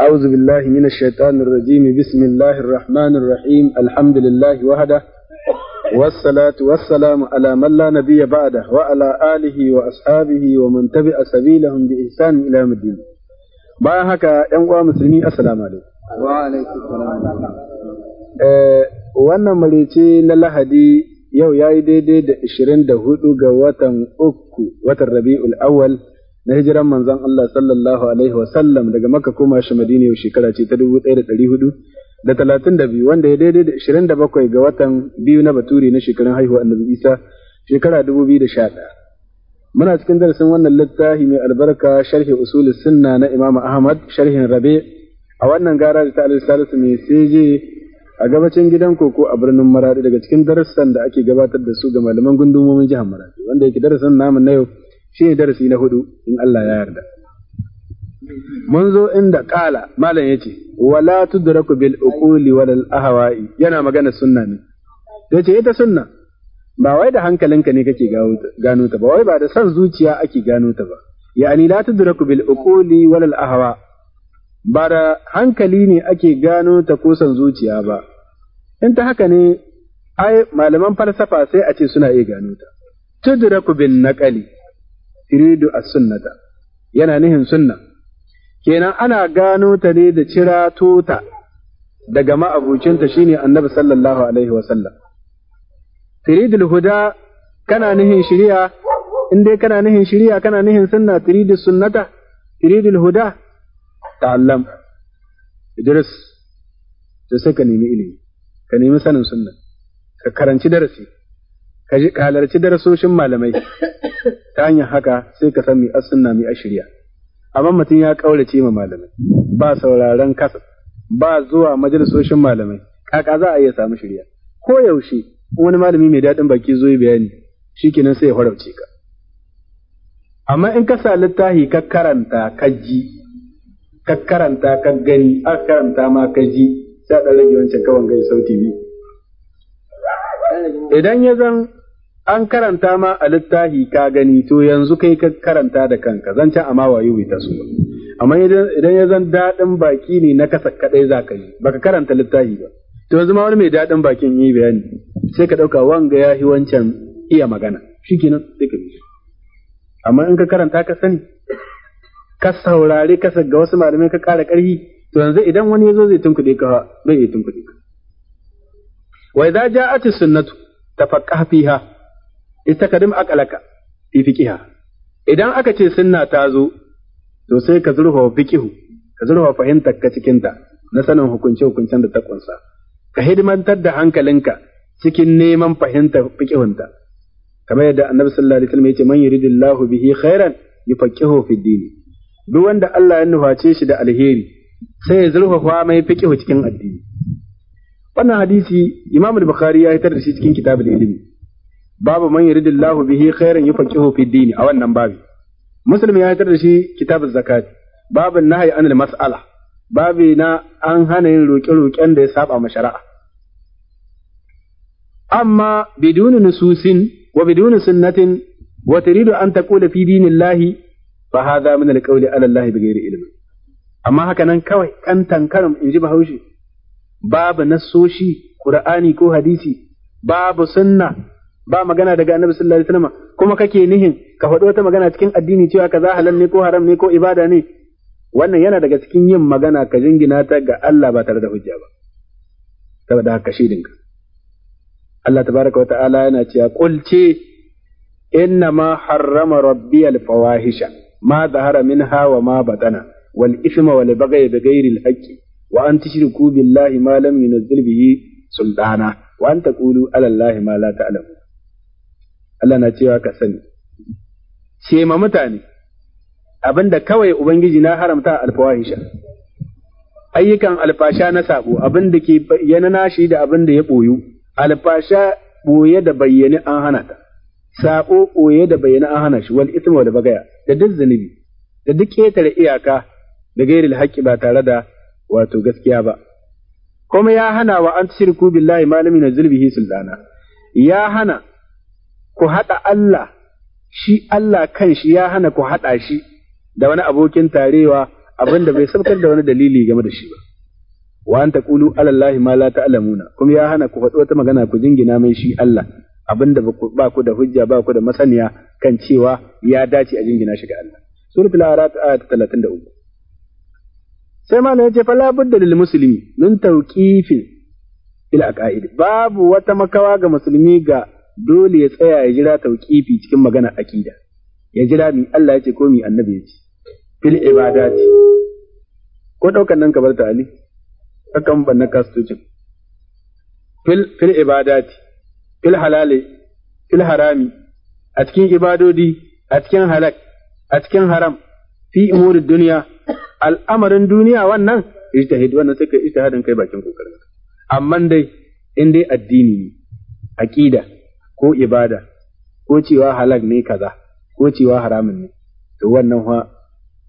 أعوذ بالله من الشيطان الرجيم بسم الله الرحمن الرحيم الحمد لله وحده والصلاة والسلام على من لا نبي بعده وعلى آله وأصحابه ومن تبع سبيلهم بإحسان إلى يوم الدين bayan haka ‘yan uwa musulmi assalamu alaikum. Wannan marice na Lahadi yau ya yi daidai da 24 ga watan uku watan Rabi'ul awwal na hijiran manzon Allah sallallahu alaihi wasallam daga Makka koma shi Madina yau shekara ce ta 1400 da 32 wanda ya daidai da 27 ga watan biyu na Baturi na shekarun haihuwa Annabi Isa shekara 2011 muna cikin darasin wannan littafi mai albarka sharhi usul sunna na Imam Ahmad sharhin Rabi a wannan gara da ta Al-Salis mai seje a gabacin gidan koko a birnin Maradi daga cikin darasan da ake gabatar da su ga malaman gundumomin jihar Maradi wanda yake darasin namu na yau ne darasi na hudu in Allah ya yarda mun zo inda kala malam yace wala tudraku bil uquli wal ahwa'i yana magana sunna ne yace ita sunna ba wai da hankalinka ne kake gano ta ba wai ba da san zuciya ake gano ta ba Ya'ani la tudraku bil uquli wal ahwa ba da hankali ne ake gano ta ko san zuciya ba in ta haka ne ai malaman falsafa sai a ce suna iya gano ta tudraku bin naqali yuridu as-sunnata yana nihin sunna kenan ana gano ta ne da cira tuta. daga ma'abucinta shine annabi sallallahu alaihi wa sallam turidul huda kana nihin shiriya? in dai kana nihin shiriya kana nihin sunna turidus sunnata turidul huda ta'allam idris to sai ka nemi ilimi ka nemi sanin sunna ka karanci darasi ka halarci darasoshin malamai ta hanyar haka sai ka san mai asunna mai ashirya amma mutum ya kaurace ma malamai ba sauraron kasa ba zuwa majalisoshin malamai kaka za a iya samu shirya ko yaushe wani malami mai daɗin baki zo yi bayani shikenan sai ya farauce ka amma in ka sa littafi ka karanta ka ji ka karanta ka gani aka karanta ma ka ji sai a ɗan rage wancan kawan gai sauti biyu idan ya zan an karanta ma a littafi ka gani to yanzu kai ka karanta da kanka zan ci amma wayo bai taso ba amma idan ya zan daɗin baki ne na kasa kaɗai za ka yi baka karanta littafi ba to yanzu ma wani mai daɗin bakin yi bayani sai ka ɗauka wanga ya wancan iya magana shikenan sai ka amma in ka karanta ka sani ka saurare ka ga wasu malamai ka ƙara ƙarfi to yanzu idan wani ya zo zai tunkuɗe ka bai iya tunkuɗe ka wa idza ja'at sunnatu tafaqqah fiha istakadim aqalaka fi fiqiha idan aka ce sunna ta zo to sai ka zurfa fiqihu ka zurfa fahimtar ka cikinta, ta na sanin hukunce hukuncen da ta kunsa ka hidimantar da hankalinka cikin neman fahimtar fiƙihunta. kamar yadda annabi sallallahu alaihi wasallam ya ce man yuridillahu bihi khairan yufaqihu fi dini duk wanda Allah ya nuface shi da alheri sai ya zurfafa mai fiqihu cikin addini wannan hadisi Imam al-Bukhari ya hitar da shi cikin kitabul ilimi babu man yuridillahu bihi khairan yufaqihu fi dini a wannan babi muslim ya tarda da shi kitabuz zakat babu nahyi anil mas'ala babi na an hana yin roƙe-roƙen da ya saba ma shari'a amma biduna nususin wa biduna sunnatin wa turidu an taqula fi dinillahi fa hadha min alqawli ala allahi bighairi ilmi amma haka nan kawai kan tankarum in ji bahaushe babu nasoshi qur'ani ko hadisi babu sunna ba magana daga annabi sallallahu alaihi wasallam kuma kake nihin ka faɗi wata magana cikin addini cewa kaza halal ne ko haram ne ko ibada ne wannan yana daga cikin yin magana ka jingina ta ga Allah ba tare da hujja ba saboda haka ka Allah tabaraka wa ta'ala yana cewa qul ce inna ma harrama rabbi al fawahisha ma zahara minha wa ma batana wal ithma wal baghy bi ghairi al haqqi wa an tushriku billahi ma lam yunzil bihi sultana wa an taqulu ala allahi ma la ta'lamu Allah na cewa ka sani ce ma mutane abinda kawai ubangiji na haramta alfawahisha ayyukan alfasha na sabo abinda ke bayyana nashi da abinda ya ɓoyu, alfasha ɓoye da bayyane an hana ta sabo ɓoye da bayyane an hana shi wal ithma wal bagaya da duk zunubi da duk ketare iyaka da gairil haƙƙi ba tare da wato gaskiya ba kuma ya hana wa an tushriku billahi ma na yunzil sultana ya hana ku haɗa Allah, shi Allah kan shi ya hana ku haɗa shi da wani abokin tarewa abin da bai sabkar da wani dalili game da shi ba. Wa an taƙulu alallahi ma la ta'lamuna kuma ya hana ku faɗi wata magana ku jingina mai shi Allah abin da ba ku da hujja ba ku da masaniya kan cewa ya dace a jingina shi ga Allah. Suratul Araf ayat 33. Sai ma ya ce fa la budda lil muslimi min tawqifin ila babu wata makawa ga musulmi ga dole ya tsaya ya jira tauƙifi cikin magana aƙida ya jira mi Allah ya ce ko mi annabi ya ce fil ibadati ko ɗaukan nan kabar ta ali akan banna kastocin fil fil ibadati fil halali fil harami a cikin ibadodi a cikin halak a cikin haram fi umuri duniya al'amarin duniya wannan ijtihad wannan sai ka ijtihadin kai bakin kokarin amma dai in dai addini ne aqida ko ibada ko cewa halal ne kaza ko cewa haramun ne to wannan fa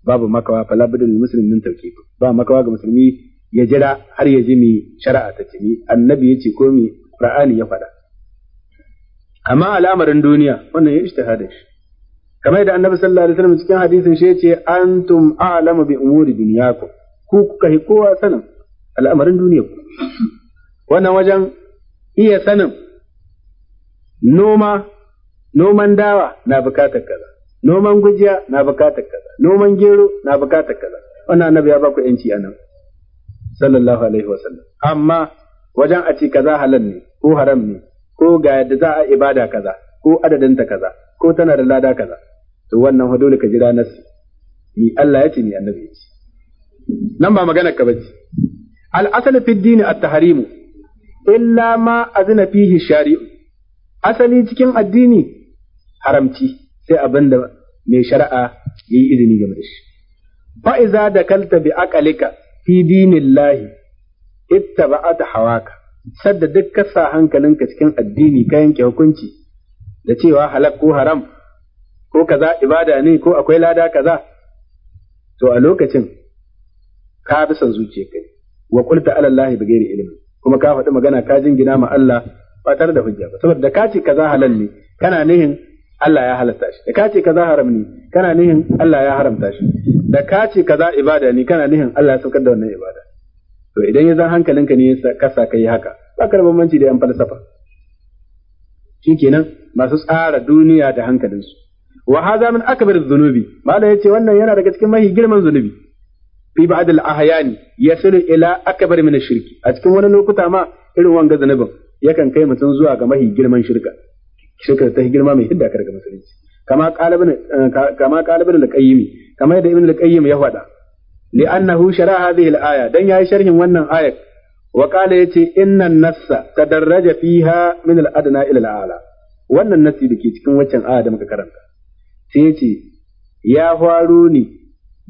babu makawa fa labudul muslimin tauqif ba makawa ga musulmi ya jira har ya ji mi shari'a ta ce annabi ya ce ko mi qur'ani ya faɗa amma al'amarin duniya wannan ya ishtihada shi kamar da annabi sallallahu alaihi wasallam cikin hadisin shi yace antum a'lamu bi umuri dunyakum ku kuka hi kowa sanin al'amarin duniya wannan wajen iya sanin noma noman dawa na bukatar kaza noman gujiya na bukatar kaza noman gero na bukatar kaza wannan annabi ya ba ku yanci anan sallallahu alaihi wasallam amma wajen a ce kaza halal ne ko haram ne ko ga yadda za a ibada kaza ko ta kaza ko tana da lada kaza to wannan fa dole ka jira nasu ni Allah ya ce ni annabi ya ce nan ba magana ka bace al asal fi dini at tahrimu illa ma azna fihi shari'u asali cikin addini haramci sai abinda mai shari'a ya yi izini game da shi fa iza da kalta bi aqalika fi dinillahi ittaba'ata hawaka sadda duk ka hankalinka cikin addini ka yanke hukunci da cewa halak ko haram ko kaza ibada ne ko akwai lada kaza to a lokacin ka bi son zuciyarka wa qulta ala allahi bi ilmi kuma ka faɗi magana ka jingina ma Allah ba tare da hujja ba saboda da ka ce kaza halal ne kana nihin Allah ya halatta shi da ka ce kaza haram ne kana nihin Allah ya haramta shi da ka ce kaza ibada ne kana nihin Allah ya saukar da wannan ibada to idan ya zan hankalinka ne ka sa kai haka ba ka da bambanci da yan falsafa shikenan masu tsara duniya da hankalinsu wa hadha min akbar dhunubi malai yace wannan yana daga cikin mahi girman zunubi fi ba'd al ahyani yasilu ila akbar min shirki a cikin wani lokuta ma irin wanga zunubin yakan kai mutum zuwa ga mahi girman shirka shirka ta girma mai hidda ka daga musulunci kama qalibin eh, kama qalibin al-qayyim kama yadda ibn al-qayyim ya faɗa annahu shara hadhihi al-aya dan yayi sharhin wannan ayat wa qala yace innan nassa tadarraja fiha min al-adna ila al-a'la wannan nassi dake cikin waccan aya da muka karanta sai yace ya faro ni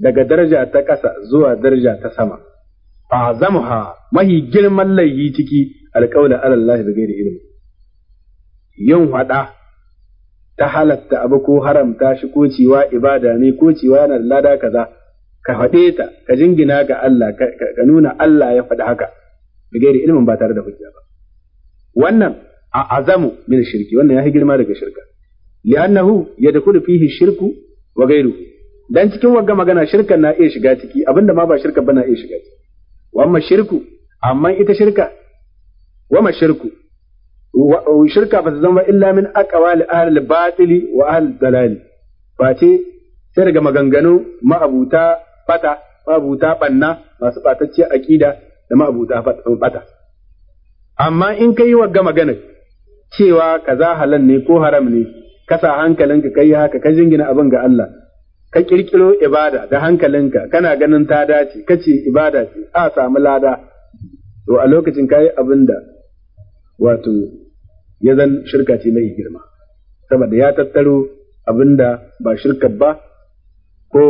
daga daraja ta ƙasa zuwa daraja ta sama azamuha mahi girman laihi ciki alƙawla ala Allah da gairi ilmi yin faɗa ta halatta abu ko haramta shi ko cewa ibada ne ko cewa yana da lada kaza ka faɗe ta ka jingina ga Allah ka nuna Allah ya faɗi haka da gairi ilimin ba tare da hujja ba wannan a azamu min shirki wannan ya fi girma daga shirka li'annahu yadkhulu fihi shirku wa ghayruhu dan cikin wagga magana shirkan na iya shiga ciki abinda ma ba shirka ba na iya shiga ciki wa amma shirku amma ita shirka wa mashirku shirka ba ta zama illa min aqwali ahli batili wa ahli dalali ba ce sai daga maganganu ma'abuta fata ma'abuta banna masu batacce aqida da ma'abuta bata amma in kai ga magana cewa kaza halal ne ko haram ne ka sa hankalinka kai haka ka jingina abin ga Allah ka kirkiro ibada da hankalinka kana ganin ta dace kace ibada ce a samu lada to a lokacin kai abin da wato ya zan shirka ce mai girma saboda ya tattaro abinda ba shirka ba ko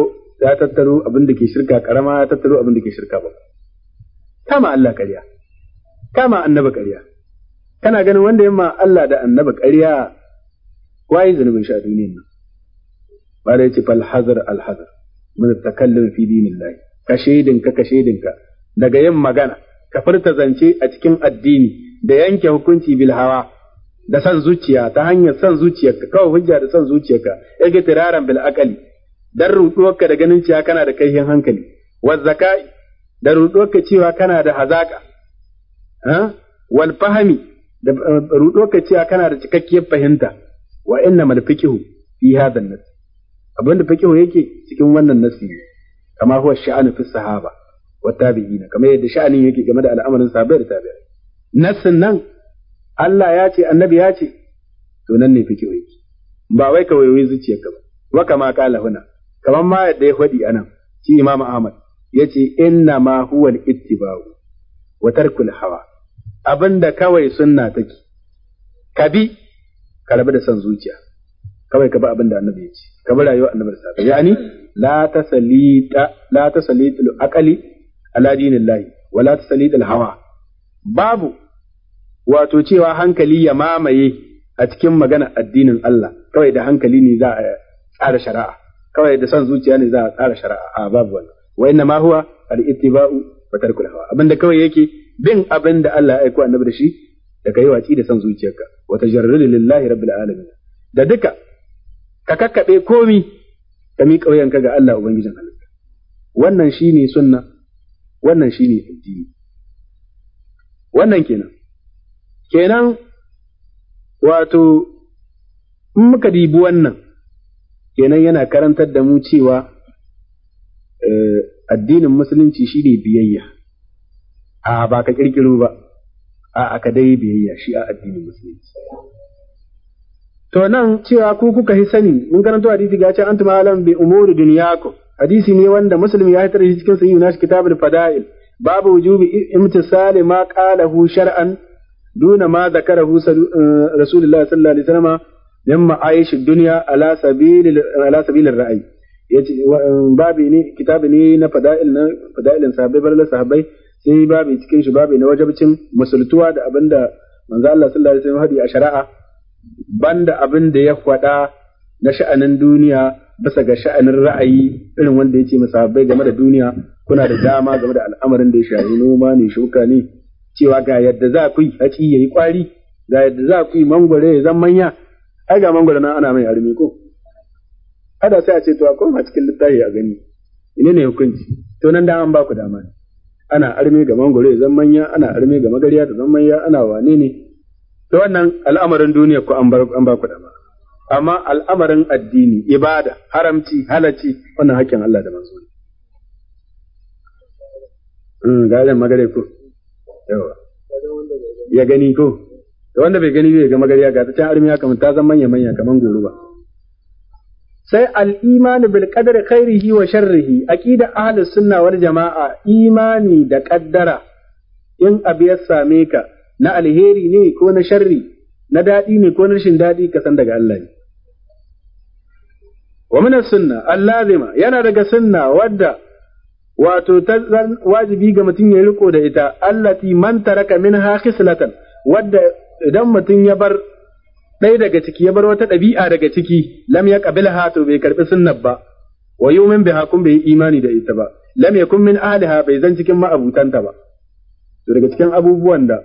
ya tattaro abinda ke shirka karama ya tattaro abinda ke shirka ba kama Allah ƙarya kama annaba ƙarya kana ganin wanda yamma Allah da annaba ƙarya waye zanubin shi a duniyar nan ba da yace fal hazar al hazar min takallum fi dinillah ka shedin ka ka shedin ka daga yin magana ka furta zance a cikin addini da yanke hukunci bil hawa da san zuciya ta hanyar san zuciyarka kawai hujja da san zuciyarka yake tiraran bil akali dan ruduwarka da ganin cewa kana da kaihin hankali wa zakai da ruduwarka cewa kana da hazaka ha wal fahmi da eh, ruduwarka cewa kana da cikakkiyar fahimta wa mal fiqhu fi hadha an-nas abinda fiqhu yake cikin wannan nasi kama huwa sha'anu fi sahaba wa tabi'ina kamar yadda sha'anin yake game da al'amarin sahabbai da tabi'ai nassin nan Allah ya ce annabi ya ce to nan ne fike wai ba wai ka wayoyi ka ba wa kama kala huna kamar ma yadda ya fadi anan shi Imam Ahmad yace inna ma huwa al-ittiba'u wa tarkul hawa abinda kawai sunna take ka bi ka rabu da son zuciya kawai ka bi abinda annabi ya ce ka bi rayuwar annabi da safe yani la tasalita la tasalita al-aqli ala dinillahi wa la tasalita al-hawa babu wato cewa hankali ya mamaye a cikin magana addinin Allah kawai da hankali ne za a tsara shari'a kawai da son zuciya ne za a tsara shari'a a babu wannan wa inna ma huwa al-ittiba'u wa al hawa abinda kawai yake bin abin da Allah ya aiko annabi da shi da kai watsi da son zuciyarka wa tajarrudu lillahi rabbil alamin da duka ka kakkabe komi ka miƙa ka ga Allah ubangijin halitta wannan shine sunna wannan shine addini wannan kenan kenan wato in muka dibi wannan kenan yana karantar da mu cewa eh, addinin musulunci shi ne biyayya a ba ka kirkiro ba a aka dai biyayya shi a addinin musulunci to nan cewa ku kuka yi sani mun karanto hadisi ga ce antum alam bi umuri dunyakum hadisi ne wanda muslim ya hitar shi cikin sahihu nashi kitabul fada'il babu wujubi imtisali ma qalahu shar'an duna ma zakarahu eh, rasulullahi sallallahu alaihi wasallam mimma aish dunya ala sabil ala sabil ra'ayi yace eh, babi ne kitabi ne na fada'il na fada'ilin sahabbai bar sahabbai sai babi cikin shi babi na wajibcin musultuwa da abinda manzo Allah sallallahu alaihi wasallam hadi a shari'a banda abin da ya faɗa na sha'anin duniya bisa ga sha'anin ra'ayi irin wanda yake musabbai game da duniya kuna da dama game da al'amarin da ya shafi noma ne shuka ne cewa ga yadda za ku yi haƙi ya yi ƙwari, ga yadda za ku yi mangwaro ya zan manya ai ga mangwaro nan ana mai harmi ko ada sai a ce to a koma cikin littafi a gani ine ne hukunci to nan da an ba ku dama ne ana armi ga mangwaro ya zan manya ana armi ga magariya ta zan manya ana wane ne to wannan al'amarin duniya ku an ba ku dama amma al'amarin addini ibada haramci halacci wannan hakkin Allah da manzo Mm, gadon magare ko yawa ya gani ko da wanda bai gani bai ga magariya ga ta can armiya kamar ta zama manya manya kamar goro ba sai al-imanu bil qadari khairihi wa sharrihi aqida ahli sunna wal jama'a imani da qaddara in abu ya same ka na alheri ne ko na sharri na dadi ne ko na rashin dadi ka san daga Allah ne wa min sunna allazima yana daga sunna wadda wato ta wajibi ga mutum ya riko da ita allati man taraka minha khislatan wadda idan mutum ya bar ɗaya daga ciki ya bar wata ɗabi'a daga ciki lam ya ha to bai karbi sunnah ba wa yumin biha kun bai imani da ita ba lam yakun min ahliha bai zan cikin ma'abutanta ba to daga cikin abubuwan da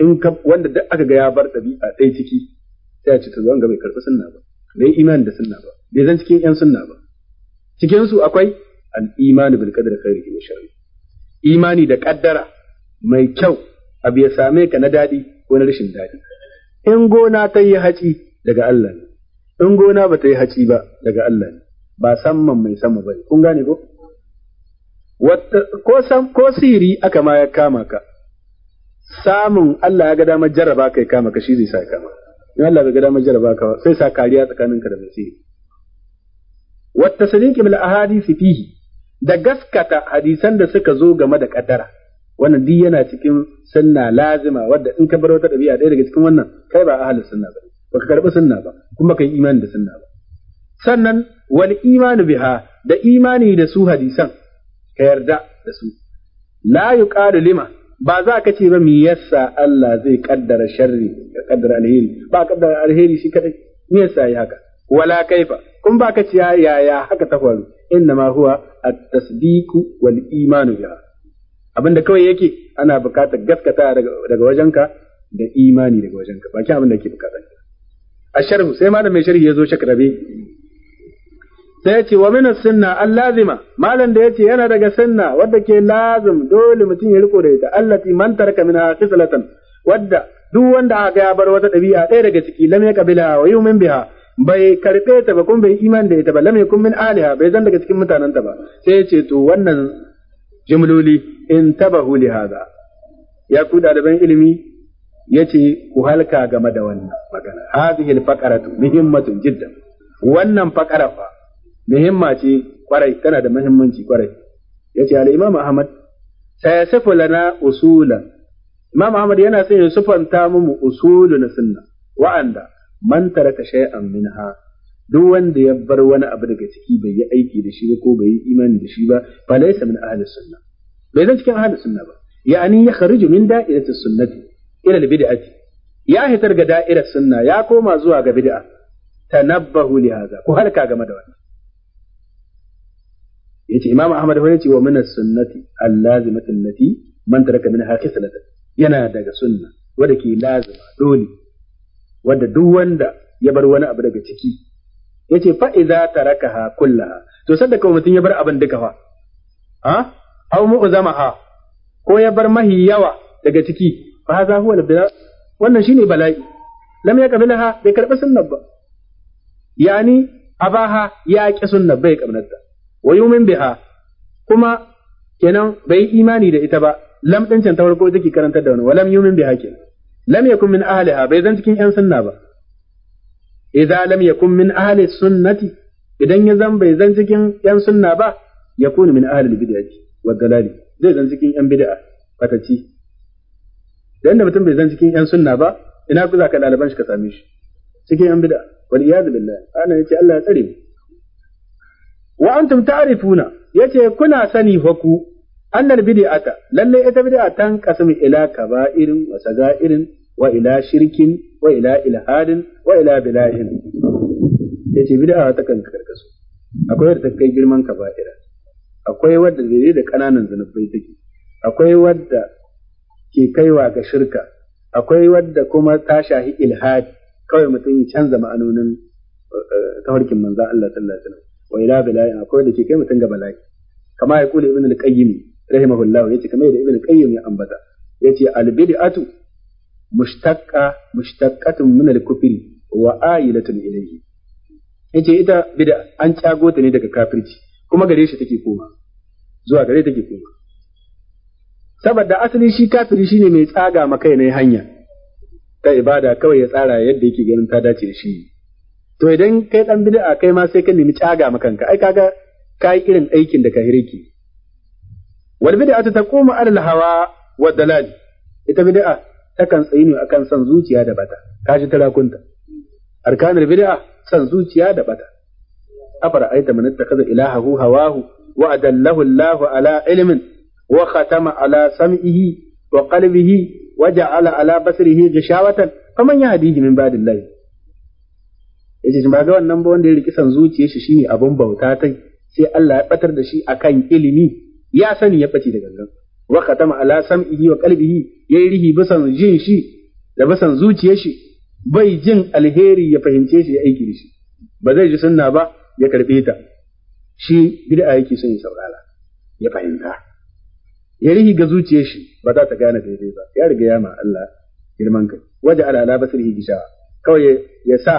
in ka wanda duk aka ga ya bar ɗabi'a ɗaya ciki sai a ce to zan ga bai karbi sunna ba bai imani da sunna ba bai zan cikin yan sunna ba cikin su akwai al-iman bil qadri khairihi wa sharri imani da kaddara mai kyau abu ya same ka na daɗi ko na rashin daɗi. in gona ta yi haci daga Allah ne in gona ba ta yi haci ba daga Allah ne ba samman mai sama ne, kun gane ko ko sam siri aka ma ya kama ka samun Allah ya ga damar jarraba ya kama ka shi zai sa ya kama in Allah bai ga damar jarraba ka sai sa kariya tsakaninka da mai siri wata sadiqi bil ahadisi fihi da gaskata hadisan da suka zo game da kaddara wannan duk yana cikin sunna lazima wadda in ka bar wata ɗabi'a ɗaya daga cikin wannan kai ba ahli sunna ba ba ka karɓi sunna ba kuma kai imani da sunna ba sannan wal imanu biha da imani da su hadisan ka yarda da su la yuqalu lima ba za ka ce ba me yasa Allah zai kaddara sharri ya kaddara alheri ba kaddara alheri shi kadai me yasa yi haka wala kaifa kun ba ka ce yaya haka ta faru innama huwa at-tasdiq wal iman biha abinda kawai yake ana bukatar gaskata daga wajenka da imani daga wajenka baki abin da yake bukatar sharhu sai malam mai sharhi yazo shakrabe sai ya ce wa min sunna allazima malam da yace yana daga sunna wadda ke lazim dole mutum ya riko da ita allati man taraka minha qislatan wadda duk wanda aka ya bar wata dabi'a ɗaya daga ciki lam ya kabila wa yu'min biha bai karbe ta ba kuma bai iman da ita ba lamai kun min aliha bai zan daga cikin mutanen ta ba sai ya ce to wannan jimloli in tabahu li hada ya ku ɗaliban ilimi Ya ce ku halka game da wannan magana hadhihi al-faqaratu muhimmatun jiddan wannan faqara fa muhimma ce kwarai tana da muhimmanci kwarai ce al-imam ahmad sayasifu lana usula imam ahmad yana son ya sufanta mu usulun sunna wa'anda man taraka shay'an minha duk wanda ya bar wani abu daga ciki bai yi aiki da shi ba ko bai yi imani da shi ba fa laysa min ahli sunna bai zan cikin ahli sunna ba ya'ani ya khariju min da'irati sunnati ila bid'ati ya hitar ga da'irar sunna ya koma zuwa ga bid'a tanabbahu li hadha ko halka game da wannan yace imam ahmad fa ce wa min as-sunnati allazimati allati man taraka minha khislatan yana daga sunna wanda ke lazima dole wanda duk wanda ya bar wani abu daga ciki yace fa idza tarakaha kullaha to sanda kawai mutum ya bar abin duka fa ha aw ha ko ya bar mahi yawa daga ciki fa za huwa al wannan shine bala'i lam ha, bai karba sunnar ba yani abaha ya ki sunnar bai kabnarta wa umin biha kuma kenan bai imani da ita ba lam din can ta farko take karantar da wani yi yumin biha kenan lam yakun min ahliha bai zan cikin yan sunna ba idza lam yakun min ahli sunnati idan ya zan bai zan cikin yan sunna ba yakunu min ahli bid'ati wa dalali zai zan cikin yan bid'a fatati dan da mutum bai zan cikin yan sunna ba ina ku zaka ka ɗaliban shi ka same shi cikin yan bid'a wal iyad billah ana yace Allah ya tsare mu wa antum ta'rifuna yace kuna sani fa ku annal bid'ata lalle ita bid'a tan qasmi ila kaba'irin wa saga'irin wa ila shirkin wa ila ilhadin wa ila bilahin yace bid'a ta kan karkasu akwai wadda kai girman kaba'ira akwai wadda daidai da kananan zanubai take akwai wadda ke kaiwa ga shirka akwai wadda kuma ta shahi ilhadi kawai mutum ya canza ma'anonin eh, tafarkin manzo Allah sallallahu alaihi wasallam wa ila bilahin akwai da ke kai mutum ga bala'i kama ya kula ibn al-qayyim rahimahullahu yace kamar da ibnu qayyim ya ambata yace al bid'atu mushtaqqa mushtaqqatun min al kufri wa ailatun ilayhi yace ita bid'a an cago ta ne daga kafirci kuma gare shi take koma zuwa gare take koma saboda asali shi kafiri shine mai tsaga maka ne hanya ta ibada kawai ya tsara yadda yake ganin ta dace shi to idan kai dan bid'a kai ma sai ka nemi tsaga makanka ai kaga kai irin aikin da ka hirki wal bid'atu taqumu ala al hawa wa dalal ita bid'a takan tsayi ne akan san zuciya da bata kashi tarakunta arkanul bid'a san zuciya da bata afara aita man ittakhadha ilahahu hawahu wa adallahu Allahu ala ilmin wa khatama ala sam'ihi wa qalbihi wa ja'ala ala basrihi ghishawatan ya yahdihi min ba'dillahi yace ba ga wannan ba wanda ya riki san zuciyar shi shine abun bauta tai sai Allah ya batar da shi akan ilimi ya sani ya bace da gangan wa khatama ala sam'ihi wa qalbihi yayi rihi bisan jin shi da bisan zuciyar shi bai jin alheri ya fahimce shi ya aiki da shi ba zai ji sunna ba ya karbe ta shi bid'a yake son ya saurara ya fahimta ya rihi ga zuciyar shi ba za ta gane daidai ba ya riga ya ma Allah girman kai waje ala ala basirhi gishawa kawai ya sa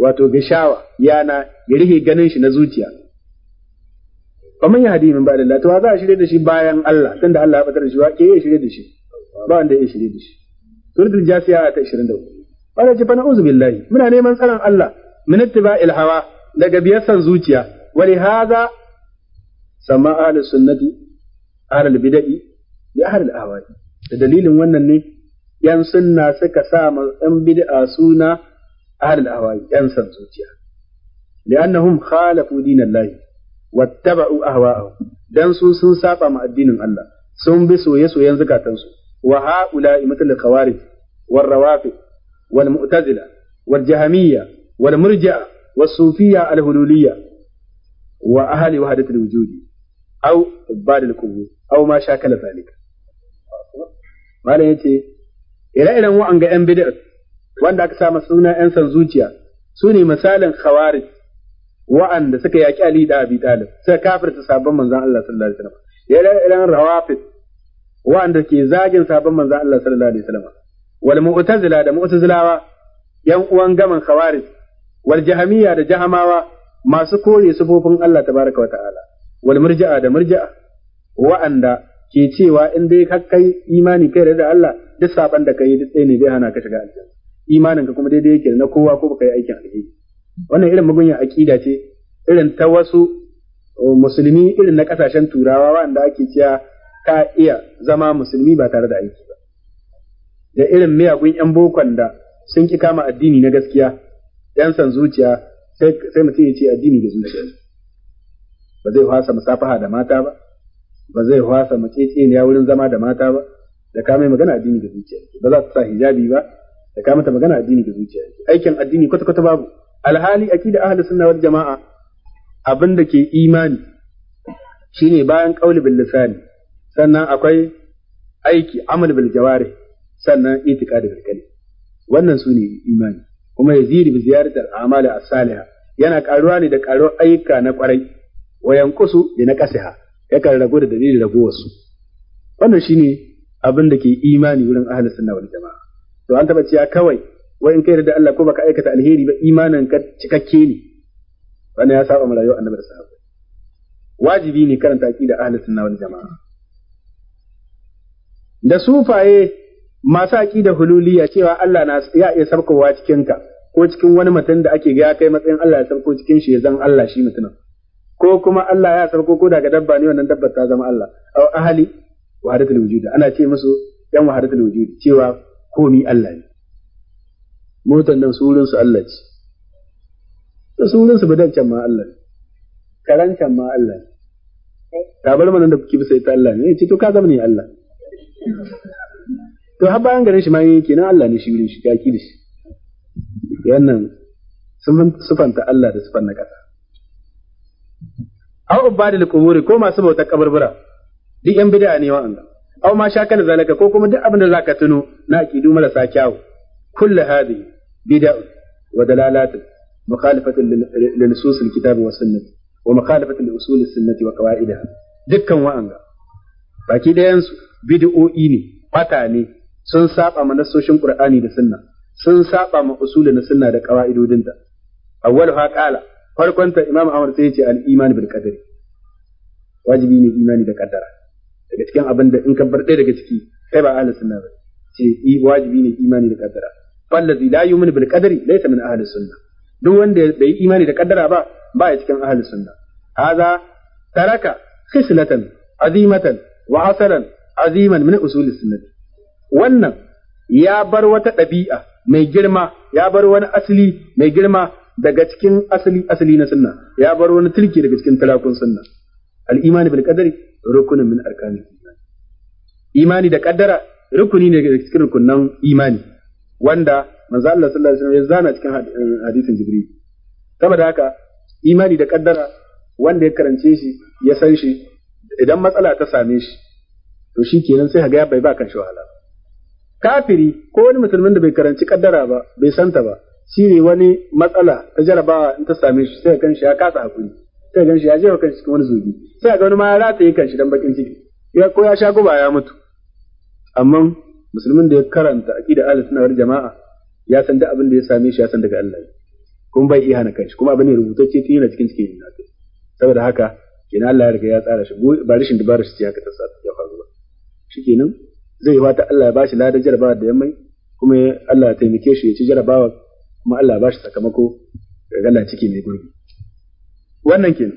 wato gishawa yana ya rihi ganin shi na zuciya kamar ya hadi min ba da to za a shirye da shi bayan Allah tun da Allah ya batar da shi wa ke ya shirye da shi ba wanda ya shirye da shi suratul jasiya ta 24 wala ce fa na'uzu billahi muna neman tsaron Allah min ittiba'il hawa daga biyar san zuciya wa li hadha sama ahlus sunnati ahlul bid'i bi ahlul ahwa'i da dalilin wannan ne yan sunna suka sa ma yan bid'a suna ahlul ahwa'i yan san zuciya li'annahum khalafu dinallahi wattaba'u ahwa'ahum dan su sun saba ma addinin Allah sun bi soye-soyen zukatansu wa ha'ula'i mithal khawarij wal rawafi wal mu'tazila wal jahamiyya wal murji'a was sufiyya al hululiyya wa ahli wahdatul wujudi aw ibad al qubur aw ma shakala zalika malam yace ire-iren wa'anga yan bid'a wanda aka sa suna yan san zuciya su ne misalin khawarij wa'anda suka yaki Ali da Abi Talib suka kafirta sabon manzon Allah sallallahu alaihi wasallam ya irin rawafid wa'anda ke zagin sabon manzon Allah sallallahu alaihi wasallam wal mu'tazila da mu'tazilawa yan uwan gaman khawarij wal jahamiyya da jahamawa masu kore sufofin Allah tabaraka wa ta'ala wal murji'a da murji'a wa'anda ke cewa in dai ka kai imani kai da Allah duk saban da kai duk ne bai hana ka shiga aljanna imanin ka kuma daidai yake na kowa ko baka yi aikin alheri wannan irin magunyar aƙida ce irin ta wasu uh, musulmi irin na ƙasashen turawa wanda ake cewa ka iya zama musulmi ba tare da aiki ba da irin miyagun yan bokon da sun ki kama addini na gaskiya yan san zuciya sai mutum ya ce addini da zuciya ba zai hwasa musafaha da mata ba ba zai hwasa maceceniya wurin zama da mata ba da ka mai magana addini da zuciya ba za ta sa hijabi ba da ka mata magana addini da zuciya aikin addini kwata-kwata babu alhali akida ahli sunna wal jama'a abin da ke imani shine bayan qauli bil lisan sannan akwai aiki amal bil jawari sannan itiqadi bil qalbi wannan sune imani kuma yaziri bi ziyaratil a'mali as yana karuwa ne da karuwar ayyuka na kwarai wayan kusu da na kasiha yakan ragu da dalilin ragowarsu. wannan shine abin da ke imani wurin ahli sunna wal jama'a to an taba cewa kawai wa in kai da Allah ko baka aikata alheri ba imanin ka cikakke ne wannan ya saba mu rayuwar annabi da sahabbai wajibi ne karanta aqida ahlus sunna wal jamaa da sufaye masu aqida hululiya cewa Allah na ya iya sabkowa cikin ka ko cikin wani mutum da ake ga kai matsayin Allah ya sabko cikin shi ya zan Allah shi mutumin ko kuma Allah ya sabko ko daga dabba ne wannan dabbar ta zama Allah aw ahli wahdatul wujud ana ce musu yan wahdatul wujud cewa komi Allah ne Motan nan surinsu su Allah ce da su wurin su ma Allah ne karancan ma Allah ne bar mana da kuke bisa ta Allah ne eh, ce to ka zama ne Allah to har bayan garin shi ma yin kenan Allah ne shi wurin shi kaki da shi yannan sufanta Allah da sufan na kasa aw ubadil kuburi ko masu bautar kaburbura, duk yan bid'a ne wa'anda aw ma shakana zalaka ko kuma duk abin da zaka tuno na aqidu marasa kyawu kullu hadhihi بدع ودلالات مخالفة لنصوص الكتاب والسنة ومخالفة لأصول السنة وقواعدها دكا وأنغا baki ɗayansu bid'o'i ne fata sun saba ma nassoshin qur'ani da sunna sun saba ma usuli na da qawaidodinta awwal ha qala farkon ta imam ahmad sai ya ce al iman bil wajibi ne imani da qaddara daga cikin in ka bar ɗaya daga ciki kai ba ba wajibi ne imani da fallazi la yu'minu bil qadari laysa min ahli sunna duk wanda bai imani da kaddara ba ba ya cikin ahli sunna hadha taraka khislatan azimatan wa asalan aziman min usuli sunnati wannan ya bar wata ɗabi'a mai girma ya bar wani asali mai girma daga cikin asali asali na sunna ya bar wani tilki daga cikin tilakun sunna al-imani bil qadari rukunin min arkanin imani imani da qaddara rukuni ne daga cikin rukunan imani wanda manzo Allah sallallahu alaihi wasallam ya zana cikin eh, hadisin Jibril saboda haka imani da kaddara wanda ya karance shi ya san shi idan matsala ta same shi to shi kenan sai ga bai ba kan shi wahala kafiri ko wani musulmin da bai karanci kaddara ba bai san ta ba shi ne wani matsala ta jarabawa in ta same shi sai kan shi ya kasa hakuri sai kan shi ya jefa kan shi cikin wani zubi sai ga wani ma ya rataye kan shi dan bakin ciki ya ko ya sha guba ya mutu amma musulmin da ya karanta aqida ahli sunna wal jama'a ya san duk abin da ya same shi ya san daga Allah kuma bai iya hana kanshi kuma abin ne rubutacce tun yana cikin cikin nasa saboda haka kenan Allah ya riga ya tsara shi ba rashin dabarar shi haka ta ya faru ba shikenan zai yi fata Allah ya bashi ladan jarabawa da yammai kuma Allah ya taimake shi ya ci jarabawa kuma Allah ya bashi sakamako daga Allah ciki mai gurbi wannan kenan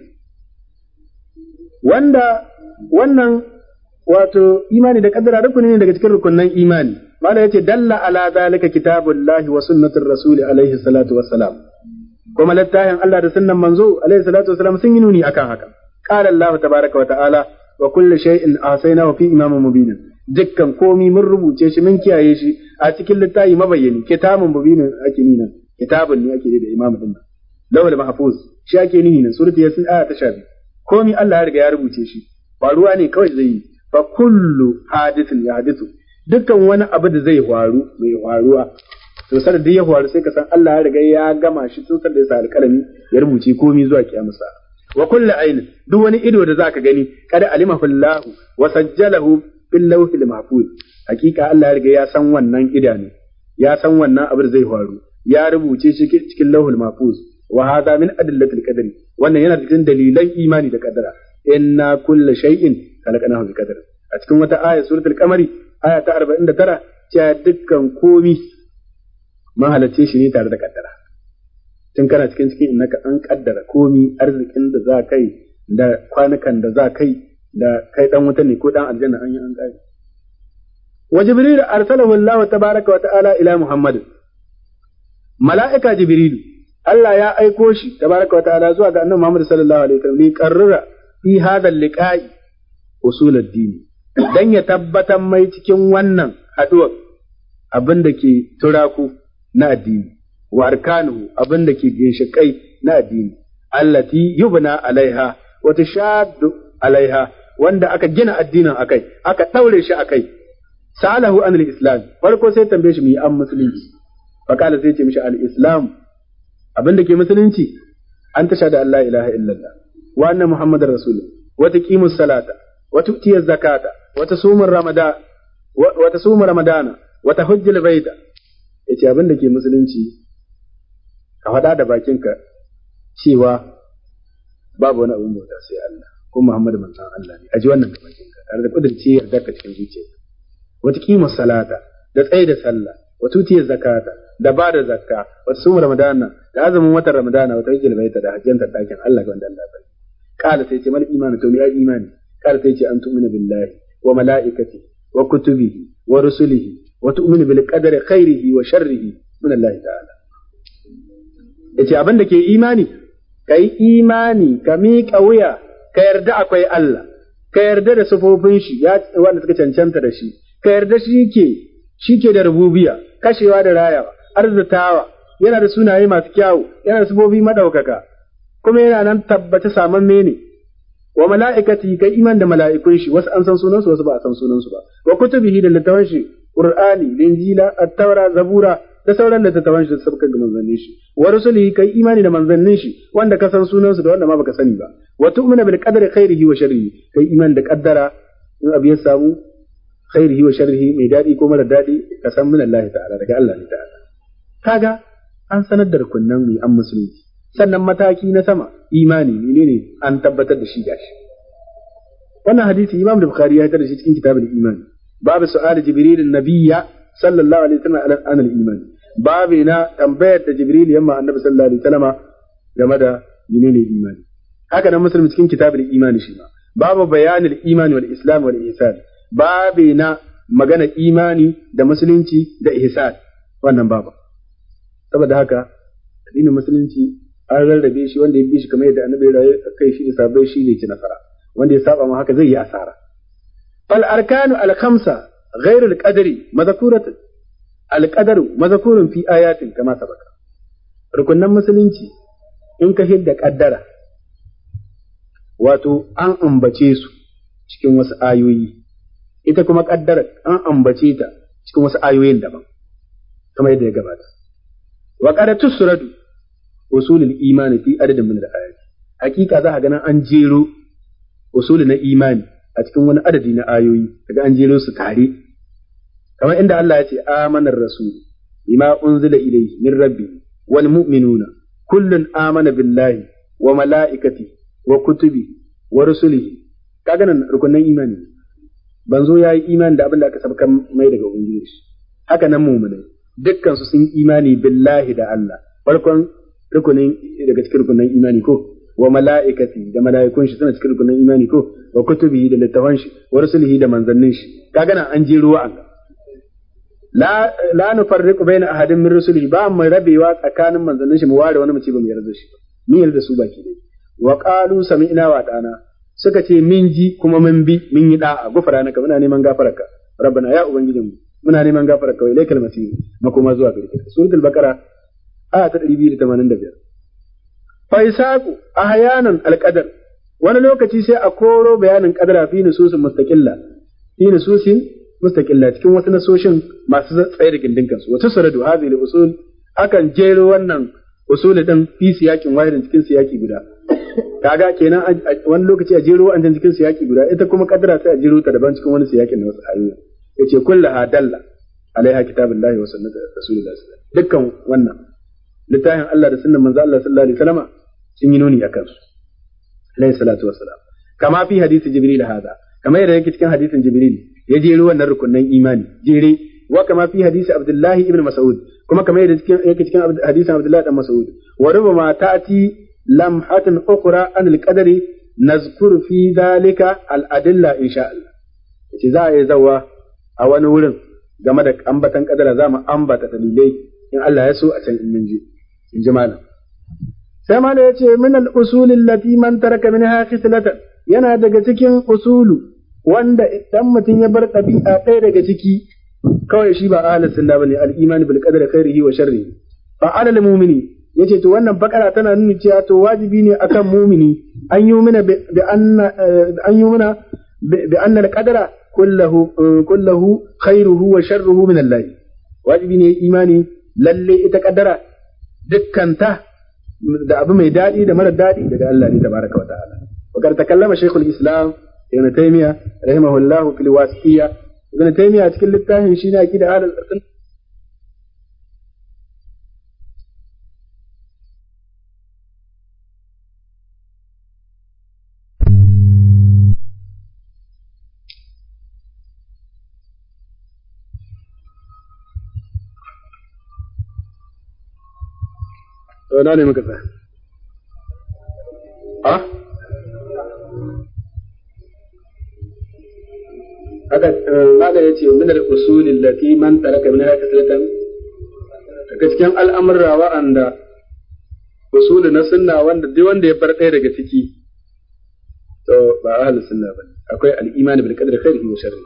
wanda wannan wato imani da kaddara rukuni ne daga cikin rukunan imani mala yace dalla ala zalika kitabullahi wa sunnatur rasul alaihi salatu wassalam kuma littafin Allah da sunnan manzo alaihi salatu wassalam sun yi nuni akan haka qala Allah tabaraka wa ta'ala wa kullu shay'in ahsaynahu fi imamin mubin dukkan komi mun rubuce shi mun kiyaye shi a cikin littafi mabayyani kitabun mubin ake nina kitabun ne ake da imamu din lawal mahfuz shi ake nini nan surati yasin aya ta 12 komi Allah ya riga ya rubuce shi ba ruwa ne kawai zai yi fa kullu hadithin ya hadithu dukkan wani abu da zai faru mai faruwa to sai da ya faru sai ka san Allah ya riga ya gama shi tun sai da ya sa alƙalami ya rubuce komai zuwa kiyamasa wa kullu ainin duk wani ido da zaka gani kada alima fillahu wa sajjalahu fil lawhil mahfuz hakika Allah ya riga ya san wannan idanu ya san wannan abu da zai faru ya rubuce shi cikin lawhul mahfuz wa hadha min adillatil qadari wannan yana cikin dalilan imani da kadara inna kullu shay'in khalaqnahu bi qadar a cikin wata aya suratul qamari aya ta 49 cewa dukkan komi mahalacce shi ne tare da kaddara tun kana cikin cikin innaka an kaddara komi arzikin da za kai da kwanukan da za kai da kai dan wuta ne ko dan aljanna an yi an kare wa jibril arsalahu Allah tabaaraka wa ta'ala ila muhammad mala'ika jibrilu Allah ya aiko shi tabaraka wa ta'ala zuwa ga annabi Muhammad sallallahu alaihi wasallam li qarrara fi hadha liqa'i usulul dini dan ya tabbatar mai cikin wannan haduwar abin da ke turaku na addini wa arkanu abin da ke ginshi-kai na addini allati yubna alaiha wa tashaddu alaiha wanda aka gina addinin akai aka daure shi akai salahu an islam farko sai tambaye shi mu yi an musulunci faqala sai ce mishi al-islam abin da ke musulunci an tashhadu an ilaha illallah wa anna muhammadar rasulullah wa taqimus salata wa tu'ti az-zakata wa tasumu ramadan wa tasumu ramadana wa tahujjul abin da ke musulunci ka faɗa da bakinka cewa babu wani abin bauta Allah ko Muhammadu manzon Allah ne aji wannan da bakinka tare da kudurce yardarka cikin zuciyarka wata kima salata da tsaye sallah wa tutiyar zakata da ba da zakka wa sumu ramadana da azumin watan ramadana wa tawjil baita da hajjan da Allah wanda Allah ce imani to ni imani kar sai ce an tu'mina billahi wa mala'ikati wa kutubihi wa rusulihi wa tu'minu bil qadari khairihi wa sharrihi min Allah ta'ala yace abin da ke imani kai imani ka miƙa wuya ka yarda akwai Allah ka yarda da sufofin shi ya wanda suka cancanta da shi ka yarda shi ke shi ke da rububiya kashewa da rayawa arzitawa yana da sunaye masu kyawu yana da sufofi madaukaka kuma yana nan tabbata saman mene wa mala'ikati kai iman da mala'ikun shi wasu an san sunansu wasu ba a san sunansu ba wa kutubihi da littafan shi qur'ani linjila at-taura zabura da sauran littattafan shi da sabka ga manzannin shi wa rusulihi kai imani da manzannin shi wanda ka san sunansu da wanda ma baka sani ba wa tu'minu bil qadri khairihi wa sharrihi kai iman da qaddara in abu ya samu khairihi wa sharrihi mai dadi ko mara dadi ka san min Allah ta'ala daga Allah ta'ala kaga an sanar da rukunnan mu an musulunci sannan mataki na sama imani menene an tabbatar da shi gashi wannan hadisi imam da bukhari ya tada shi cikin kitabul imani babu su'al jibril nabiyya sallallahu alaihi wasallam an al-imani babu na tambayar da jibril yamma annabi sallallahu alaihi wasallam game da menene imani haka nan muslim cikin kitabul imani shi ma babu bayanul imani wal islam wal ihsan babu na magana imani da musulunci da ihsan wannan babu saboda haka addinin musulunci an rarrabe shi wanda ya bi shi kamar yadda annabi ya rayu kai shi da sabai shi ne ci nasara wanda ya saba ma haka zai yi asara fal arkanu al khamsa ghairu al qadri madhkuratun al qadru madhkurun fi ayatin kama sabaka rukunnan musulunci in ka hidda kaddara wato an ambace su cikin wasu ayoyi ita kuma kaddara an ambace ta cikin wasu ayoyin daban kamar yadda ya gabata wa qadatu suradu usulul imani fi adadin min al-ayat hakika za ka ga an jero usuli na imani a cikin wani adadi na ayoyi kaga an jero su tare kamar inda Allah ya ce amanar rasul bima unzila ilayhi min rabbi wal mu'minuna kullun amana billahi wa mala'ikati wa kutubi wa rusulihi kaga nan rukunin imani banzo yayi imani da abin da aka sabka mai daga ubangiji haka nan muminai dukkan su sun imani billahi da Allah farkon rukunin daga cikin rukunin imani ko wa mala'ikati da mala'ikun shi suna cikin rukunin imani ko wa kutubi da littafan shi wa rusulihi da manzannin shi kaga nan an jero an la la nufarriqu baina ahadin min rusulihi ba mu rabewa tsakanin manzannin shi mu ware wani mace ba mu yarda shi mu yarda su baki dai wa qalu sami'na wa ta'ana suka ce min ji kuma mun bi mun yi da'a ka, muna neman gafararka rabbana ya ubangijinmu muna neman gafararka wa ilaikal masir makoma zuwa gare ka suratul baqara aya ta ɗari biyu da da tamanin 285 fa a hayanan alƙadar wani lokaci sai a koro bayanin qadara fi nususin mustaqilla fi nususin mustaƙilla cikin wasu nasoshin masu tsaye da gindin kansu wata saradu hadhihi usul akan jero wannan usuli din fi siyakin wahidin cikin siyaki guda kaga kenan wani lokaci a jero an cikin siyaki guda ita kuma ƙadara sai a jero ta daban cikin wani siyakin na wasu ayoyi yace ha dalla alaiha kitabullahi wa sunnatu rasulillahi dukkan wannan littafin Allah da sunnan manzo Allah sallallahu alaihi wasallam sun yi nuni akan su alayhi salatu wassalam kama fi hadisi jibril hada kama yadda yake cikin hadisin jibril ya jeri wannan rukunin imani jere wa kama fi hadisi abdullahi ibn mas'ud kuma kama yadda yake cikin hadisin abdullahi dan mas'ud wa rubama ta'ati lamhatan ukhra an al-qadari nazkuru fi dhalika al-adilla insha Allah yace za a yi zawa a wani wurin game da ambatan kadara za mu ambata dalilai in Allah ya so a can in mun je in ji malam sai malam ya ce min al-usulil lati man taraka minha khislatan yana daga cikin usulu wanda idan mutum ya bar ɗabi'a ɗaya daga ciki kawai shi ba ahlus sunna bane al-iman bil qadri khairihi wa sharrihi fa alal mu'mini yace to wannan bakara tana nuni cewa to wajibi ne akan mumini an yi mina bi anna eh, an yi mina bi anna al-qadara kullahu eh, kullahu khairuhu wa sharruhu min Allah wajibi ne imani lalle ita kadara dukkanta da abu mai daɗi da mara daɗi daga Allah ne tabaraka wa ta'ala wakar takallama shaykhul islam ibn taymiya rahimahullah fil wasiyya ibn taymiya cikin littafin shi ne aqida ahlul sunna to na ne muka tsaya a haka eh, mala ya ce minar usulin lati man taraka min al kasalatan daga cikin al'amurra wa'anda usuli na sunna wanda duk wanda ya bar ɗaya daga ciki to ba halin sunna ba. akwai al'imani iman bil qadri khairihi wa sharri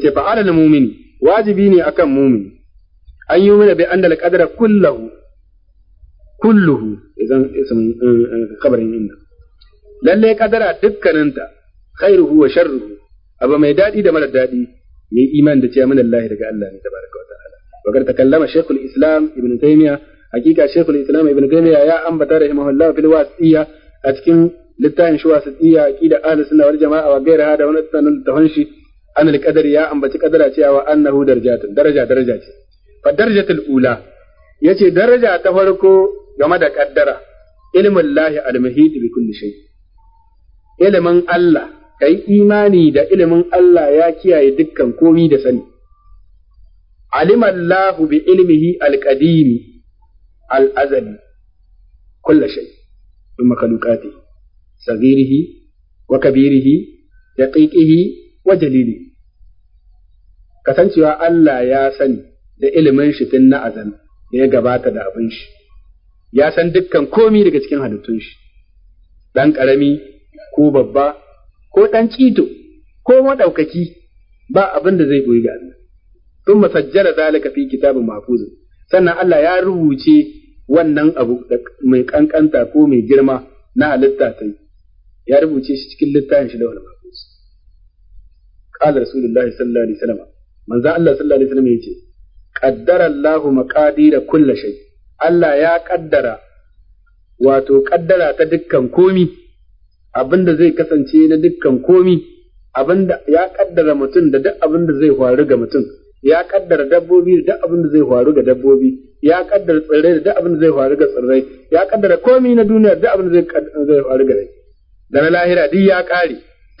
ce fa ala al-mu'min wajibi ne akan mu'min an yi mana bi anda al-qadra kullahu kulluhu idan ism kabarin inna lalle kadara dukkaninta khairuhu wa sharruhu abu mai dadi da mara dadi mai iman da cewa min daga Allah ne tabaraka wa ta'ala wa kar takallama shaykhul islam ibn taymiya hakika shaykhul islam ibn taymiya ya ambata rahimahullah fil wasiya a cikin littafin shi wasiya aqida ahli sunna wal jamaa wa gairaha da wani tsanan tafan shi an al ya ambaci kadara cewa annahu darajatun daraja daraja ce fa darajatul ula yace daraja ta farko game da kaddara ilimin lahi almuhit bi kulli shay ilimin Allah kai imani da ilimin Allah ya kiyaye dukkan komi da sani alima Allah bi ilmihi alqadimi alazali kulli shay min makhluqati sagirihi wa kabirihi daqiqihi wa jalilihi kasancewa Allah ya sani da ilimin shi tun na azan da ya gabata da abin shi ya san dukkan komi daga cikin halittun shi ɗan ƙarami ko babba ko ɗan cito ko maɗaukaki ba abin da zai boye ga Allah tun masajjara zalika fi kitabin mafuzin, sannan Allah ya rubuce wannan abu mai ƙanƙanta ko mai girma na halitta ta ya rubuce shi cikin littafin shi wani mahfuz Ƙalar rasulullahi sallallahu alaihi wasallam manzan Allah sallallahu alaihi wasallam yace qaddara Allahu maqadira kulla shay Allah ya ƙaddara, wato ƙaddara ta dukkan komi, abin da zai kasance na dukkan komi, abin da ya ƙaddara mutum da duk abin da zai faru ga mutum, ya ƙaddara dabbobi da duk abin da zai faru ga dabbobi, ya ƙaddara tsirrai da duk abin da zai faru ga tsirrai, ya ƙaddara komi na duniya da duk abin da zai faru ga rai. Da na lahira duk ya ƙare,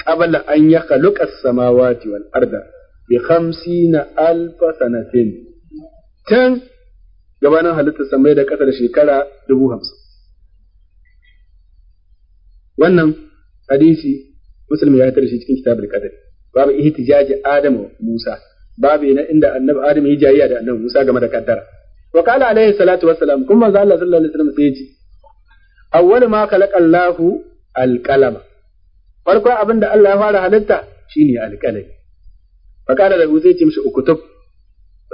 qabla an ya khaluqa samawati wal arda bi na alfa sanatin. Tun gabanin halittar samai da ƙasa da shekara dubu hamsin. Wannan hadisi Musulmi ya hitar shi cikin al qadar babu ihtijaji Adamu Musa babu na inda annabi Adamu ya jayiya da annabi Musa game da kaddara. Wa qala alayhi salatu wassalam kun manzo Allah sallallahu alaihi wasallam sai ya ce awwal ma khalaqa Allahu al-qalam farko abinda Allah ya fara halitta shine al-qalam. Fa qala da sai ce mishi ukutub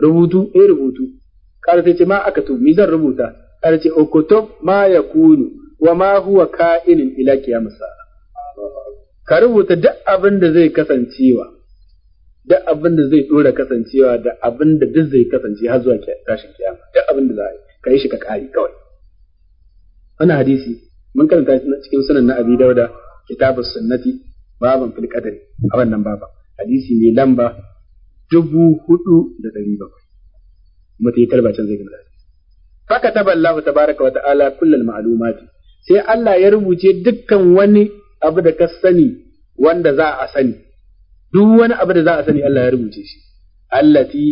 rubutu eh rubutu kala ce ma aka tu mi zan rubuta kala ce ukutub ma kunu wa ma huwa ka'inin ila qiyamis sa'a ka rubuta duk abin da zai kasancewa duk abin da zai dora kasancewa da abin da duk zai kasance har zuwa tashin kiyama duk abin da za a yi ka yi shi ka kare kawai wannan hadisi mun karanta cikin sunan na abi dauda kitabus sunnati baban fil qadari a wannan baban hadisi ne lamba dubu hudu da ɗari bakwai mutai talbacin zai gina faka taballahu tabaraka wata'ala kullal ma'lumati sai Allah ya rubuce dukkan wani abu da ka sani wanda za a sani duk wani abu da za a sani Allah ya rubuce shi allati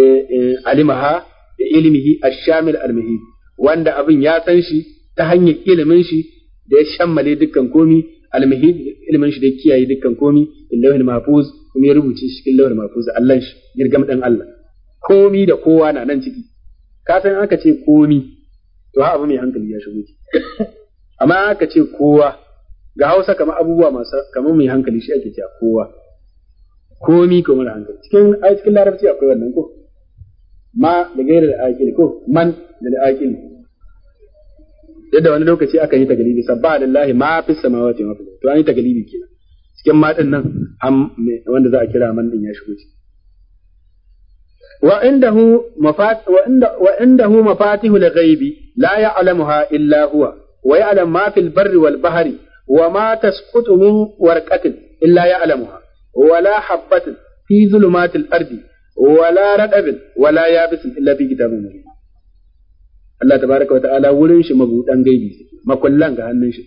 eh, eh, alimaha da ilmihi ash-shamil al-muhim wanda abin ya san shi ta hanyar ilimin shi da ya shammale dukkan komi al-muhim ilimin shi da kiyaye dukkan komi illahul mahfuz kuma ya rubuce shi cikin lawhul mahfuz Allah shi girgam dan Allah komi da kowa na nan ciki ka san aka ce komi to ha abu mai hankali ya shigo ciki amma aka ce kowa ga Hausa kamar abubuwa masu kamar mai hankali shi ake cewa kowa komi ko mara hankali cikin ai cikin larabci akwai wannan ko ma da da al'aqil ko man da al'aqil yadda wani lokaci aka yi tagalibi sabba lillahi ma fi samawati ma fi to an yi tagalibi kenan cikin ma nan wanda za a kira man din ya shigo ciki wa indahu mafatih wa inda wa indahu mafatihul ghaibi la ya'lamuha illa huwa wa ya'lam ma fil barri wa ma tasqutu min warqatin illa ya'lamuha wa la habatin fi zulumatil ardi wa la radabin wa la yabisin illa bi kitabin mubin Allah tabaraka ta'ala wurin shi mabudan gaibi makullan ga hannun shi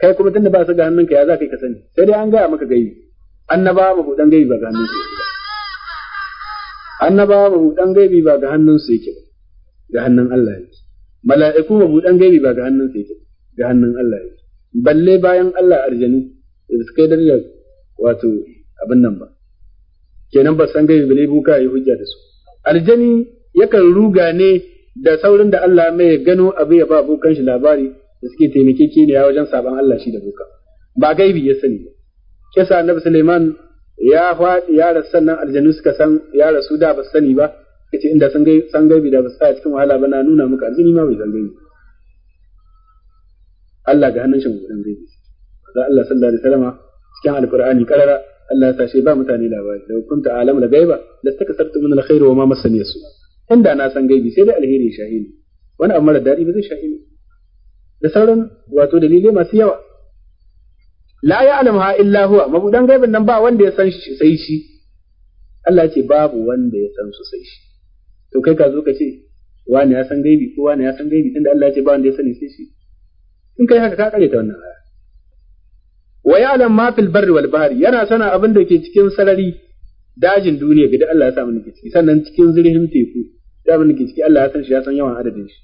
kai kuma tunda ba su ga hannunka ya ka sani sai dai an gaya maka ba ga hannun annabawa dan gaibi ba ga hannunsu yake ba ga hannun Allah yake mala'iku dan gaibi ba ga hannunsu yake ga hannun Allah yake balle bayan Allah arjani da su kai darajar wato abin nan ba kenan ba san gaibi bale buka yi hujja da su aljani yakan ruga ne da saurin da Allah mai gano abu ya ba bukan shi labari da suke taimake ne wajen saban Allah shi da buka ba gaibi ya sani ba kisa annabi Suleiman ya faɗi ya rasu sannan aljanu suka san ya rasu da ba sani ba kace inda san gai san gai da ba tsaya cikin wahala ba na nuna muka aljini ma bai san gai Allah ga hannun shi mu san gai da Allah sallallahu alaihi wasallam cikin alqur'ani karara Allah ya tashi ba mutane labari da kunta alamul gaiba gaiba suka takasartu min alkhair wa ma masani su inda na san gai sai dai alheri shahini wani amma da dadi ba zai shahini da sauran wato dalilai masu yawa la ya'lamuha illa huwa mabudan gaibin nan ba wanda ya san shi sai shi Allah ce babu wanda ya san su sai shi to kai ka zo ka ce wani ya san gaibi ko wani ya san gaibi tunda Allah ce ba wanda ya sani sai shi in kai haka ka kare ta wannan aya wa ya'lam ma fil barri wal bahri yana sana abin da ke cikin sarari dajin duniya gida Allah ya sa mun ke ciki sannan cikin zurfin teku da abin da ke ciki Allah ya san shi ya san yawan adadin shi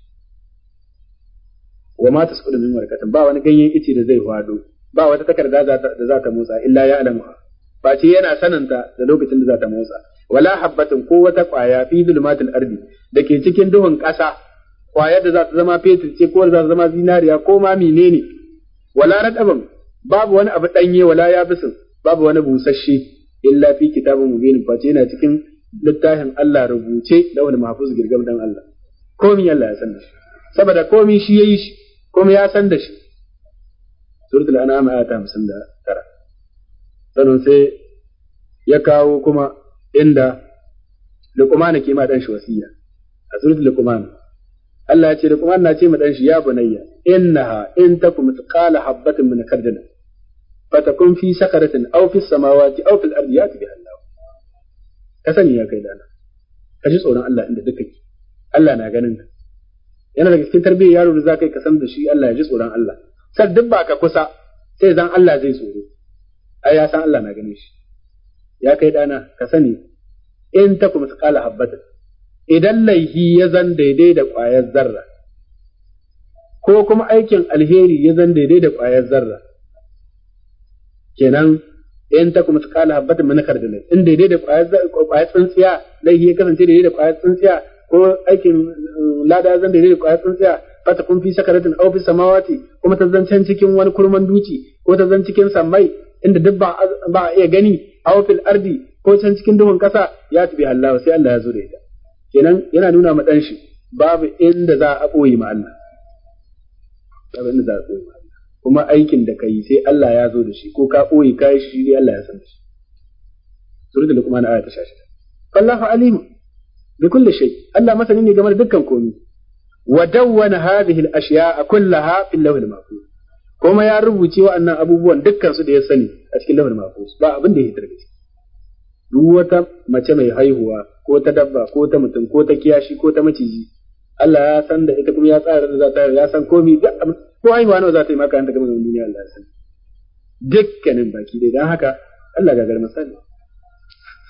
wa ma tasqudu min warqatin ba wani ganyen ice da zai fado ba wata takarda da za ta motsa illa ya alamuha ba ce yana sananta da lokacin da za ta motsa wala habbatin ko wata kwaya fi zulmatil ardi da ke cikin duhun ƙasa kwayar da za ta zama fetur ce ko za ta zama zinariya ko ma menene wala raqabin babu wani abu danye wala yabisin babu wani busasshe illa fi kitabin mubin face yana cikin littafin Allah rubuce da wani mahfuz girgam dan Allah Komai Allah ya san da shi saboda komai shi yayi shi komai ya san da shi suratul an'am aya ta 59 sannan sai ya kawo kuma inda luqman ke ma dan shi wasiya a suratul luqman Allah ya ce luqman na ce ma dan shi ya bunayya innaha in takum mithqala habatin min kardina fatakun fi sakaratin aw fi samawati aw fil ardi yati biha Allah ka sani ya kai dana ka ji tsoron Allah inda duka ke Allah na ganin ka yana daga cikin tarbiyyar yaro da zakai ka san da shi Allah ya ji tsoron Allah Sai duk ba ka kusa sai zan Allah zai tsoro ai ya san Allah na ganin shi ya kai dana ka sani in ta kuma kala habbata. idan laihi ya zan daidai da ƙwayar zarra ko kuma aikin alheri ya zan daidai da ƙwayar zarra kenan in ta kuma tsakala habbatan mana kardinal in daidai da ƙwayar tsintsiya laihi ya kasance daidai da ƙwayar tsintsiya ko aikin eh, lada ya zan daidai da ƙwayar tsintsiya fatakun fi sakaratin aw fi samawati kuma ta zancen cikin wani kurman duci ko ta zan cikin samai, inda duk ba a iya gani aw fil ardi ko can cikin duhun kasa ya tafi Allah sai Allah ya zo da ita kenan yana nuna ma dan shi babu inda za a koyi ma Allah babu inda za a koyi ma Allah kuma aikin da kai sai Allah ya zo da shi ko ka koyi kai shi sai Allah ya san shi suratul luqman ayat 16 Allahu alim bi kulli shay Allah masani ne game da dukkan komai wa dawwana hadhihi al-ashya'a kullaha fil lawhil mahfuz ya rubuce wa'annan abubuwan dukkan da ya sani a cikin lawhil ba abin ya hitar da duk wata mace mai haihuwa ko ta dabba ko ta mutum ko ta kiyashi ko ta maciji Allah ya san da ita kuma ya tsara da za ta ya san komai duk ko haihuwa nawa za ta yi maka an ta gama duniya dukkanin baki dai dan haka Allah ga garma sani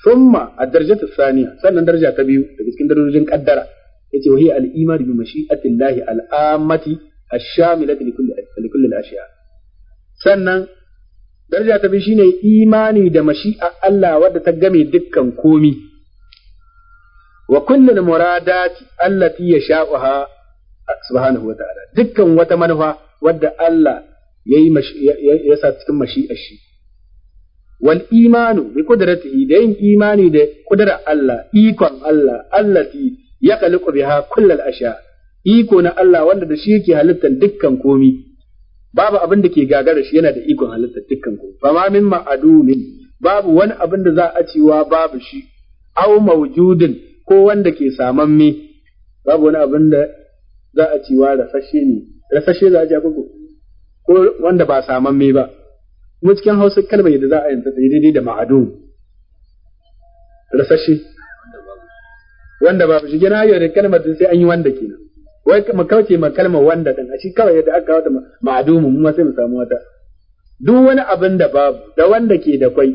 thumma ad-darajatu thaniya sannan daraja ta biyu da cikin darajojin kaddara yace wa hiya al-iman bi mashi'atillahi al-ammati ash-shamilati li kulli al-ashiya sannan daraja ta bi shine imani da mashi'a Allah wadda ta game dukkan komi wa kullul muradati allati yasha'uha subhanahu wa ta'ala dukkan wata manufa wadda Allah yayi ya sa cikin mashi'ar shi wal imanu bi qudratihi da yin imani da qudrar Allah ikon Allah allati ya kaliku biha kullal asha iko na Allah wanda da shi yake halittar dukkan komi babu abin da ke gagara shi yana da ikon halittar dukkan komi fa ma min ma'adunin babu wani abin da za a cewa babu shi au mawjudin ko wanda ke saman me. babu wani abin da za a cewa rafashe ne rafashe za a ja ko wanda ba saman me ba kuma cikin hausa kalmar yadda za a yanta daidai da ma'adun rasashe wanda ba shi gina yau da kalmar din sai an yi wanda kenan wai mu kauce ma kalmar wanda din a shi kawai yadda aka wata ma'adumu mu sai mu samu wata duk wani abin da babu da wanda ke da kwai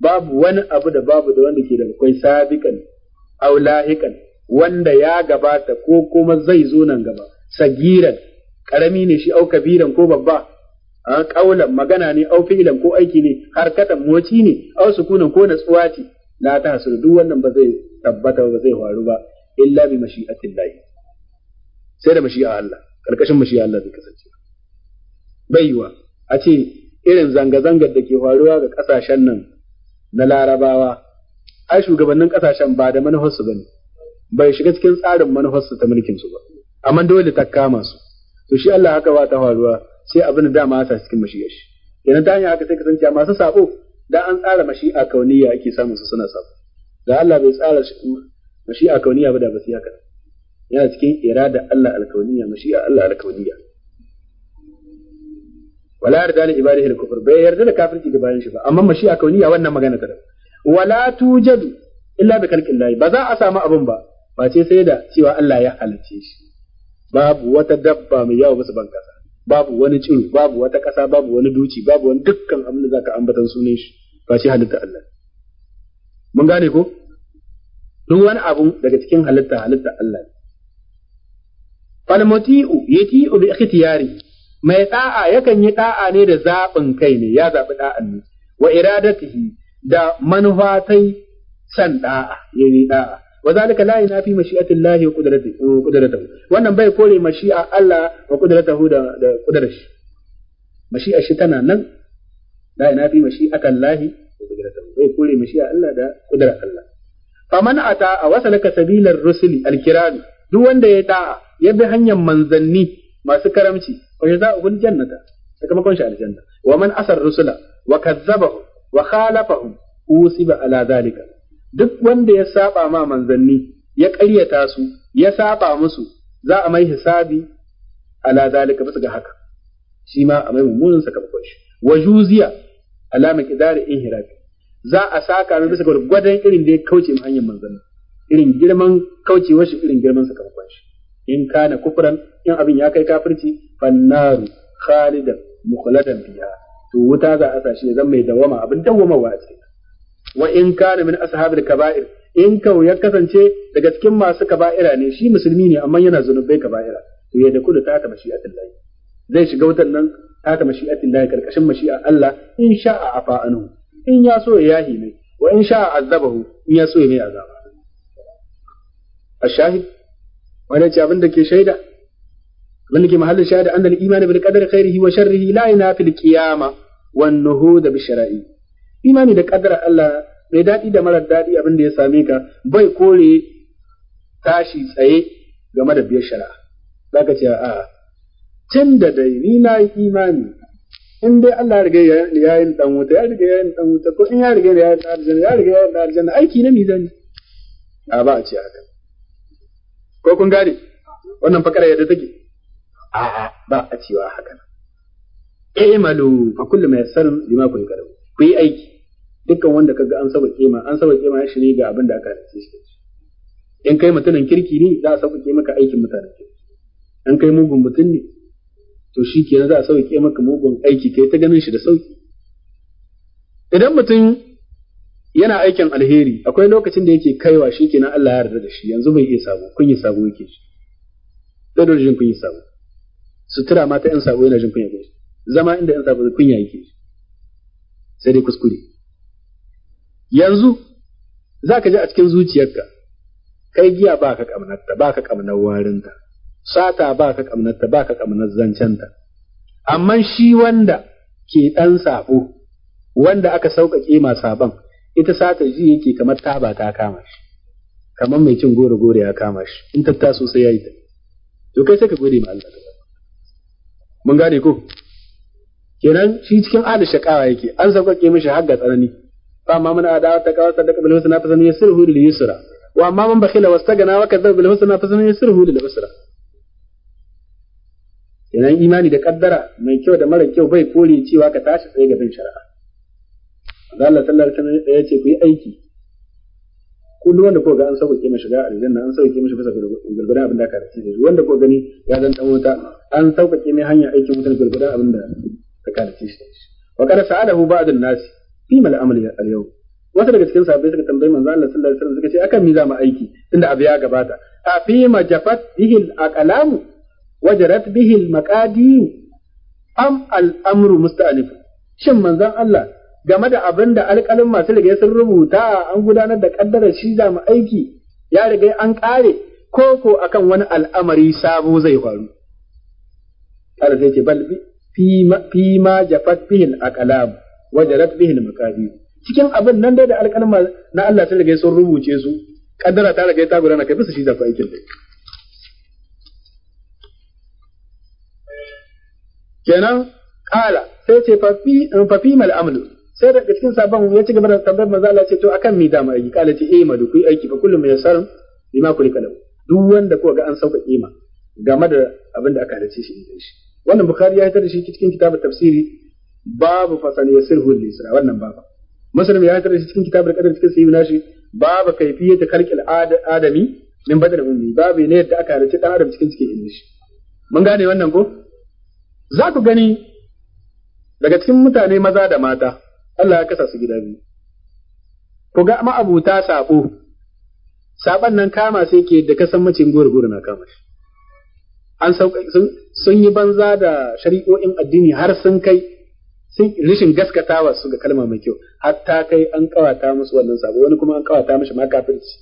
babu wani abu da babu da wanda ke da kwai sabikan aw lahikan wanda ya gabata ko kuma zai zo nan gaba sagiran karami ne shi au kabiran ko babba a kaulan magana ne au fi'ilan ko aiki ne harkatan moci ne au sukunan ko natsuwa ce la ta hasulu duk wannan ba zai tabbata ba zai faru ba illa bi mashi'atillahi sai da mashi'a Allah karkashin mashi'a Allah zai kasance bai yiwa a ce irin zanga-zangar da ke faruwa ga kasashen nan na larabawa ai shugabannin kasashen ba da manufarsu ba ne bai shiga cikin tsarin manufarsu ta mulkin su ba amma dole ta kama su to shi Allah haka ba ta faruwa sai abin da dama sa cikin mashi'a shi idan ta hanyar haka sai kasance masu sabo dan an tsara mashi'a kauniya ake samun su suna sabo da Allah bai tsara mashi'a kauniya ba da ba su haka yana cikin irada Allah alkauniya mashi'a Allah alkauniya wala yarda li ibadihi al bai yarda da kafirci ga bayan shi ba amma mashi'a kauniya wannan magana ta wala tujadu illa bi khalqillahi ba za a samu abun ba ba ce sai da cewa Allah ya halicce shi babu wata dabba mai yawo musu ban kasa babu wani cin babu wata ƙasa babu wani duci babu wani dukkan abin da zaka ambatan sunan shi ba shi halitta Allah mun gane ko duk wani abu daga cikin halitta halitta Allah Falmati'u fal muti'u yati'u bi ikhtiyari mai da'a yakan yi da'a ne da zaɓin kai ne ya zaɓi da'an ne wa iradatihi da manufatai san da'a yayi da'a wa zalika la yunafi mashi'atillahi wa qudratihi wa qudratahu wannan bai kore mashi'a Allah wa qudratahu da da qudrashi mashi'a shi tana nan la yunafi mashi'atallahi wa qudratahu bai kore mashi'a Allah da qudrar Allah faman ata a wasalaka sabilar rusuli alkirami duk wanda ya ta'a ya bi hanyar manzanni masu karamci fa jazaa'u aljannata sakamakon shi aljanna wa man asar rusula wa wa duk wanda ya saba ma manzanni ya ƙaryata su ya saba musu za a mai hisabi ala zalika bisa ga haka shi ma a mai mummunan sakamakon shi wa juziya alama kidari inhirafi za a saka mai bisa ga gwadan irin da ya kauce ma hanyar manzanni irin girman kauce shi irin girman sakamakon shi in kana kufran in abin ya kai kafirci fannaru khalidan mukhladan biya to wuta za a sashi zan mai dawama abin dawamawa a cikin wa in kana min ashabil kaba'ir in kau ya kasance daga cikin masu kaba'ira ne shi musulmi ne amma yana zunubai kaba'ira to ya da kudu ta ta mashi'atin lahi zai shiga wutan nan ta ta mashi'atin lahi karkashin mashi'a Allah in sha'a afa anhu in ya so ya yahi mai wa in sha'a azabahu in ya so ya mai azaba ashahid wanda ce abin da ke shaida abin da ke mahallin shaida annal imani bil qadari khairihi wa sharrihi la yanafi al qiyama wan nuhud bi shara'i imani da kadara Allah mai daɗi da marar daɗi abin da ya same ka bai kore tashi tsaye game da biyar shara. za ka ce a tun da dai ni na yi imani in dai Allah riga ya yi dan wuta ya riga ya yi dan wuta ko in ya riga ya yi dan ya riga ya yi dan aljanna aiki na mizani a ba a ce haka ko kun gane wannan fakara yadda take a'a ba a cewa haka i'malu fa kullu ma yassarun lima kun karu ku yi aiki dukkan wanda kaga an saba kema an saba kema ya shiri ga abin da aka halice shi in kai mutumin kirki ne za a sauƙaƙe maka aikin mutanen kirki in kai mugun mutum ne to shi ke za a sauƙaƙe maka mugun aiki kai ta ganin shi da sauƙi idan mutum yana aikin alheri akwai lokacin da yake kaiwa shi kenan Allah ya yarda da shi yanzu bai iya sabo kun yi sabo yake shi dadar jin kun yi sabo sutura mata yan sabo yana jin kunya gaishe zama inda yan sabo kunya yake sai dai kuskure yanzu za ka ji a cikin zuciyarka kai giya ba ka ƙamnarta ba ka ƙamnar warinta sata ba ka ƙamnarta ba ka ƙamnar zancenta amma shi wanda ke ɗan sabo wanda aka sauƙaƙe ma sabon ita sata ji yake kamar taba ta kama shi kamar mai cin gore gore ya kama shi in tatta sai ya yi ta to kai sai ka gode ma Allah mun gane ko kenan shi cikin adashe kawa yake an sauƙaƙe mishi har ga tsanani فأما من أداء التقوى صدق بالحسنى فسنيسره لليسرى وأما من بخل واستغنى وكذب بالحسنى فسنيسره للعسرى idan imani da kaddara mai kyau da mara kyau bai kore cewa ka tashi tsaye ga bin shari'a Allah sallallahu alaihi wasallam ya ce ku yi aiki Ku duk wanda ko ga an sauke mai shiga aljanna an sauke mai fasa gurgurdan abin da ka race da wanda ko gani ya zanta dan wuta an sauke mai hanya aikin wutar gurgurdan abin da ka race shi wa kada sa'adahu ba'd an nas fi mal amali al yau wata daga cikin sahabbai suka tambayi manzo Allah sallallahu alaihi wasallam suka ce akan mi za mu aiki tunda abu ya gabata a fi ma jafat bihi al aqlam wajarat bihi al am al amru musta'alif shin manzon Allah game da abin da alƙalin masu riga sun rubuta an gudanar da kaddara shi za mu aiki ya riga an kare ko ko akan wani al'amari sabo zai faru Allah zai ce bal fi ma jafat bihil aqlam wajarat bihi al-maqadir cikin abin nan dai da alƙalma na Allah ta riga sun rubuce su kaddara ta riga ta gurana kai bisa shi za ku aikin kenan kala sai ce fafi fafi mal amlu sai daga cikin saban ya ci gaba da tambayar manzo Allah ce to akan mi da mai kala ce eh madu ku aiki fa kullum yassar bima kulli kalam duk wanda ko ga an sauka kima game da abin da aka halice shi ne shi wannan bukhari ya hitar da shi cikin kitabun tafsiri babu fasani ya sirhu lisra wannan babu Musulmi ya tare shi cikin kitabul qadar cikin sahihu nashi babu kayfiyat karkil adami min badal ummi babu ne yadda aka halarci dan adam cikin cikin shi mun gane wannan ko za ku gani daga cikin mutane maza da mata Allah ya kasa su gida biyu ku ga ma'abuta sabo saban nan kama sai ke da kasan macin gurguru na kama shi an sun yi banza da shari'o'in addini har sun kai sun rishin gaskatawa su ga kalma mai kyau hatta kai an kawata musu wannan sabo wani kuma an kawata mishi ma kafirci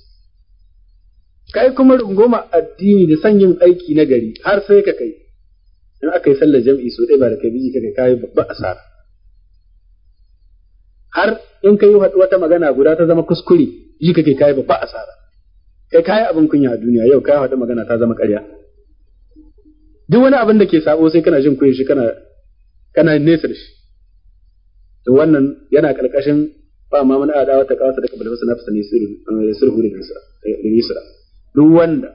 kai kuma rungoma addini da sanyin aiki na gari har sai ka kai in aka yi sallar jam'i so ɗaya ba da kai biji ka kai kayi babba asara har in kai wata magana guda ta zama kuskure ji kake kayi babba asara kai kayi abin kunya a duniya yau kayi wata magana ta zama ƙarya duk wani abin da ke sabo sai kana jin kuyin shi kana kana nesa da shi to wannan yana karkashin ba ma mana adawa ta kawata da kabal fasana fasani sulhu da nisra duk wanda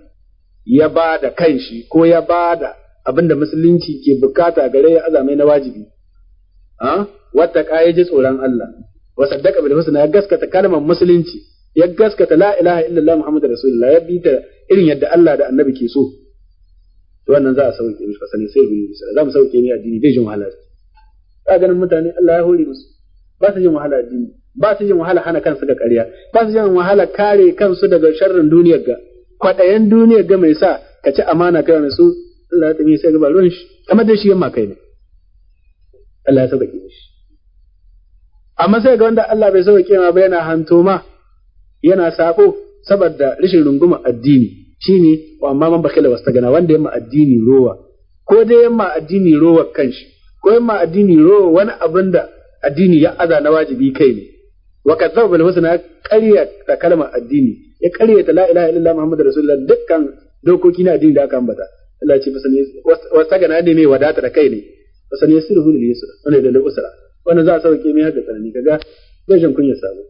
ya ba da kanshi ko ya ba da abinda musulunci ke bukata gare ya azamai na wajibi ha wata ya ji tsoron Allah wa saddaka bil husna ya gaskata kalmar musulunci ya gaskata la ilaha illallah muhammadur rasulullah ya bi ta irin yadda Allah da annabi ke so to wannan za a sauke mishi fasani sai rubuta za mu sauke ni addini bai jin wahala ka ganin mutane Allah ya hore musu ba su jin wahala addini ba su jin wahala hana kansu da ƙarya ba su jin wahala kare kansu daga sharrin duniyar ga kwaɗayen duniyar ga mai sa ka ci amana kai wani su Allah ya tabi sai ga ruwan shi kamar da shi yamma kai ne Allah ya sabaki shi amma sai ga wanda Allah bai sabaki ma ba yana hantoma yana sako saboda rashin runguma addini shine wa amma man bakila wasta gana wanda yamma addini rowa ko dai yamma addini rowa kanshi ko ma addini ro wani abin da addini ya aza na wajibi kai ne wa kadzaba bil husna ƙarya da kalmar addini ya ƙarya ta la ilaha illallah muhammadur rasulullah dukkan dokoki na addini da aka ambata Allah ya ce fasani wasta gana ne mai wadata da kai ne fasani yasiruhu lil yusra wannan da usra wannan za a sauke mai haka tsanani kaga bai kunya sabo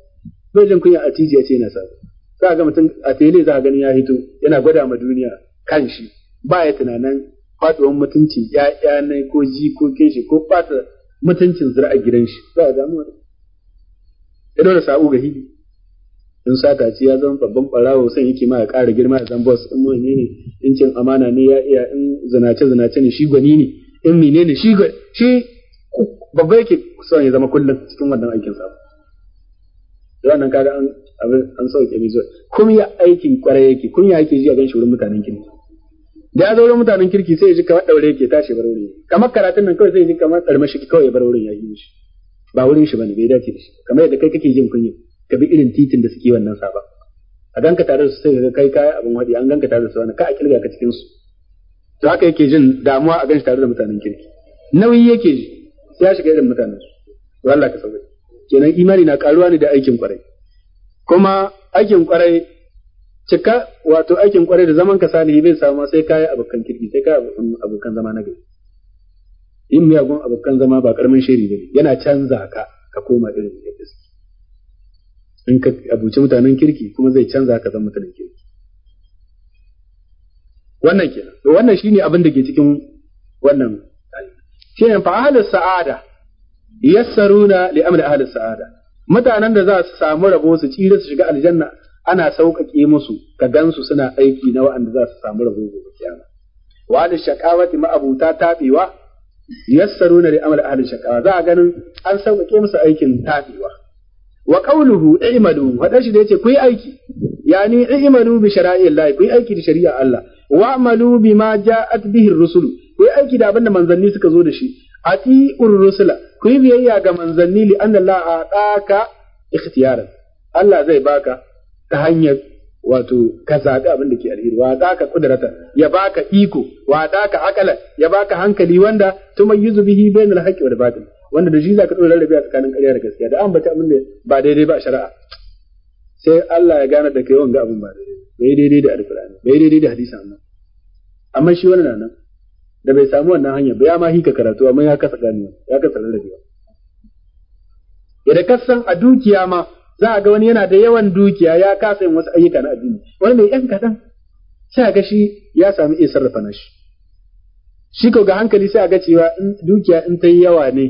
bai kunya a ya ce yana sabo za ga mutum a tele za a gani ya hito yana gwada ma duniya kan shi ba ya tunanin faduwan mutuncin ƴaƴa na ko jikokin shi ko fata mutuncin zira a gidan shi ba a damuwa ya dole sa'u ga hili in sata ci ya zama babban ɓarawo sai yake ma ya ƙara girma ya zan boss in wani ne in cin amana ne ya iya in zinace zinace ne shi gwani ne in mine ne shi shi babba yake son ya zama kullum cikin wannan aikin sa da wannan kaga an an sauke zuwa. Kun ya aikin kwarai yake kun ya yake ji a gan shi wurin mutanen kirki da ya zo mutanen kirki sai ya ji kamar daure yake tashi bar wurin kamar karatun nan kawai sai ya ji kamar darmashi kawai ya bar wurin ya yi mishi ba wurin shi bane bai dace da shi kamar yadda kai kake jin kunya ka bi irin titin da suke wannan saɓa. a ganka tare da su sai ka kai kaya abin wadi an ganka tare da su wani ka a kirga ka cikin su to haka yake jin damuwa a ganshi tare da mutanen kirki nauyi yake ji sai ya shiga irin mutanen su to Allah ka sauke kenan imani na karuwa ne da aikin kwarai kuma aikin kwarai cika wato aikin kwarai da zaman ka salihi bai samu sai kai abokan kirki sai kai abokan zama na gari yin miyagun abokan zama ba karamin shiri bane yana canza ka ka koma irin da kake in ka abuci mutanen kirki kuma zai canza ka zama mutanen kirki wannan kenan to wannan shine abin da ke cikin wannan shine fa ahlus sa'ada yassaruna li amri ahlus sa'ada mutanen da za su samu rabo su tsira su shiga aljanna ana sauƙaƙe musu ka gansu suna aiki na wa'anda za su samu rabo gobe kiyama wa al shaqawati ma abuta tabewa yassaruna li amal ahli shaqawa za a ganin an sauƙaƙe musu aikin tabewa wa qawluhu i'malu wadan shi da yace ku yi aiki yani i'malu bi shara'illahi ku yi aiki da shari'a Allah wa amalu bima ja'at bihi ar-rusul ku yi aiki da abin da manzanni suka zo da shi ati'ur rusula ku yi biyayya ga manzanni li anna Allah a'taka ikhtiyaran Allah zai baka ta hanyar wato ka zaɓi abin da ke alheri wa da ka kudrata ya baka iko wa da ka akala ya baka hankali wanda tumayyizu bihi bainal haqqi wal batil wanda da shi zaka dora rabi a tsakanin ƙarya da gaskiya da an bata abin da ba daidai ba shari'a sai Allah ya gane da kai wanga abin ba daidai bai daidai da alqur'ani bai daidai da hadisi amma amma shi wannan nan da bai samu wannan hanya ba ya ma hika karatu amma ya kasa ganewa ya kasa ya da kasan a dukiya ma za a ga wani yana da yawan dukiya ya kasa yin wasu ayyuka na addini wani mai yan kaɗan sai ga shi ya sami iya sarrafa nashi shi ko ga hankali sai a ga cewa dukiya in ta yi yawa ne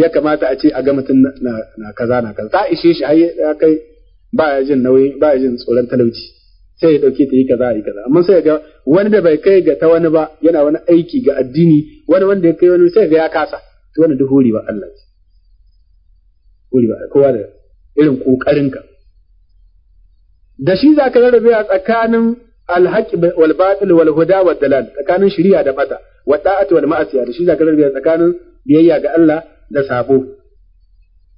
ya kamata a ce a ga mutum na kaza na kaza ta ishe shi har ya kai ba ya jin nauyi ba ya jin tsoron talauci sai ya dauke ta yi kaza yi kaza amma sai ga wani da bai kai ga ta wani ba yana wani aiki ga addini wani wanda ya kai wani sai ga ya kasa to wannan duk horewa Allah ce kowa da irin ƙoƙarinka. Da shi za ka rarrabe a tsakanin alhaƙi wal batil wal huda wal dalal tsakanin shari'a da fata wa da'ati wal ma'asiya da shi za ka rarrabe a tsakanin biyayya ga Allah da sabo.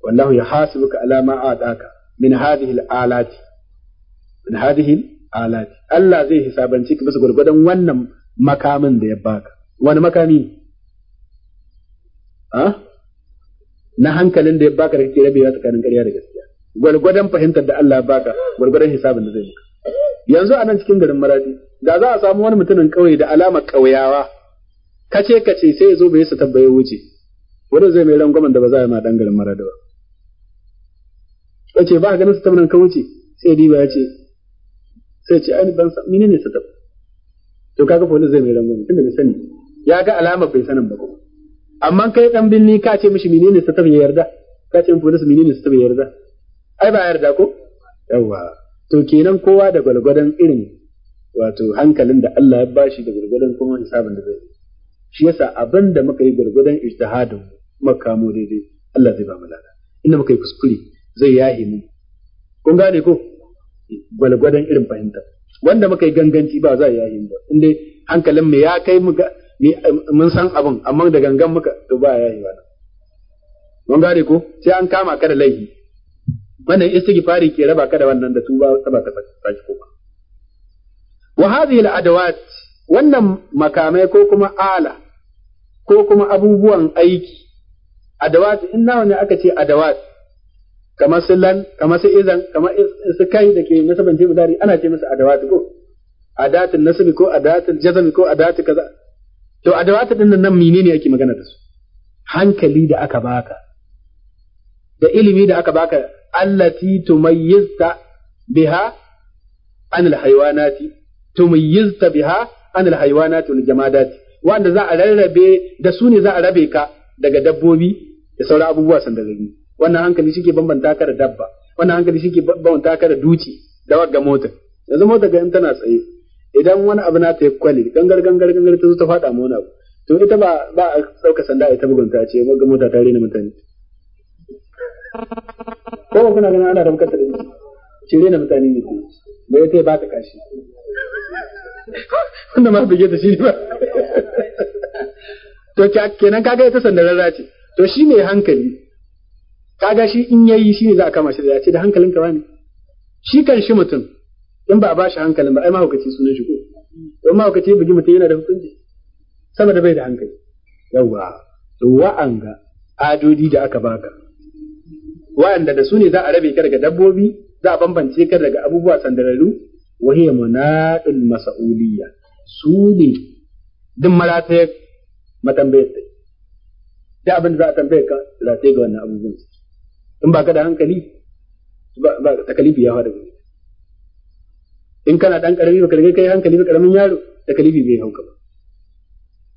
Wallahu ya hasibuka ala ma a'taka min hadhihi alati min hadhihi alati Allah zai hisabance ka bisa gurgurdan wannan makamin da ya baka. Wani makami? Ah? na hankalin da ya baka da kake rabewa tsakanin ƙarya da gaskiya gwargwadon fahimtar da Allah ba ka, gwargwadon hisabin da zai maka yanzu a nan cikin garin maradi da za a samu wani mutumin kawai da alamar kauyawa kace kace sai ya zo bai su tabbaye wuce wanda zai mai rangwamen da ba za a yi ma dan garin maradi ba kace ba ganin su tabbanan ka wuce sai diba ya ce sai ce ai ban san menene su tabbaye to kaga fa zai mai rangwamen tunda bai sani ya ga alamar bai sanin ba kuma amma kai dan binni ka ce mishi menene su tabbaye yarda ka ce mu police menene su tabbaye yarda ai ba yarda ko yawa to kenan kowa da gwalgwadon irin wato hankalin da Allah ya bashi da gwalgwadon kuma hisabin da zai shi yasa abin da muka yi gwalgwadon ijtihadin makamo daidai Allah zai ba mu lada inda muka yi kuskure zai yahi mu kun gane ko gwalgwadon irin fahimta wanda muka yi ganganci ba za a yahi mu ba inda hankalin mu ya kai mu mun san abin amma da gangan muka to ba yahi ba mun gane ko sai an kama ka da laifi wannan istighfari ke raba ka da wannan da tuba ba ta fashi kuma wa hadhihi al-adawat wannan makamai ko kuma ala ko kuma abubuwan aiki adawat in nawa ne aka ce adawat kamar su lan kamar su izan kamar su kai da ke nasaban jimudari ana ce musu adawat ko adatul nasbi ko adatul jazm ko adatul kaza to adawat din nan menene ake magana da su hankali da aka baka da ilimi da aka baka allati tumayyizta biha an alhaywanati tumayyizta biha an alhaywanati wal jamadati wanda za a rarrabe da su ne za a rabe ka daga dabbobi da sauran abubuwa sandarari wannan hankali shike bambanta ka da dabba wannan hankali shike bambanta ka da duci da wagga mota, yanzu mota ga in tana tsaye idan wani abu na ta yi kwali gangar gangar gangar ta zo ta faɗa ma wani abu to ita ba ba a ɗauka sanda ita bugunta ce wagga mota ta rena mutane ko kuna ganin ana da bukatar da shi rena mutane ne ko ba ya ba ta kashi wanda ma bige ta shi ba to kenan kaga ita sandararra ce to shi ne hankali kaga shi in yayi shi ne za a kama shi da ce da hankalin ka wani shi kan shi mutum in ba a bashi hankalin ba ai mahaukaci sunan shi ko don mahaukaci bugi mutum yana da hukunci sama da bai da hankali yawwa wa'anga adodi da aka baka wa'anda da su ne za a rabe ka daga dabbobi za a bambance ka daga abubuwa sandararru wa hiya munadul mas'uliyya su ne duk ya matambaye ta da abin da za a tambaye ka rataye ga wannan abubuwan in ba ka da hankali ba takalifi ya fada in kana dan karami ka riga kai hankali ba karamin yaro takalifi bai hauka ba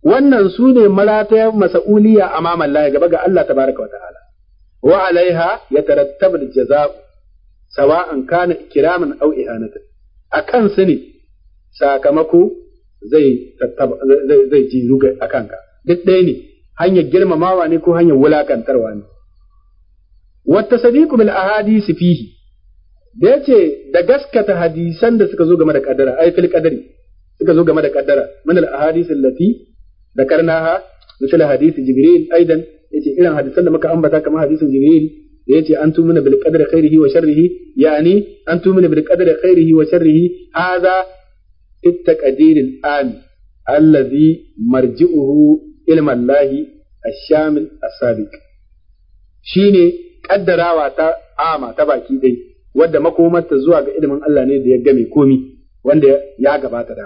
wannan su ne marata mas'uliyya amaman Allah gaba ga Allah tabaraka wa ta'ala wa alaiha yatarattabu al-jaza'u sawa'an kana ikraman aw ihanatan akan su ne sakamako zai zai ji ruga duk ɗaya ne hanyar girmamawa ne ko hanyar wulakantarwa ne wata sadiku bil ahadisi fihi da ce da gaskata hadisan da suka zo game da kaddara ai fil qadari suka zo game da kaddara min al ahadisi allati ذكرناها مثل حديث جبريل yace irin hadisan da muka ambata kamar hadisin jibril da yace an tumina bil qadri khairihi wa sharrihi yani an tumina bil qadri khairihi wa sharrihi hadha التقدير الآن الذي مرجئه علم الله الشامل السابق شيني قدراوا تا عامة تباكي دي wadda makomarta zuwa ga ilimin Allah ne da ya game komi wanda ya gabata da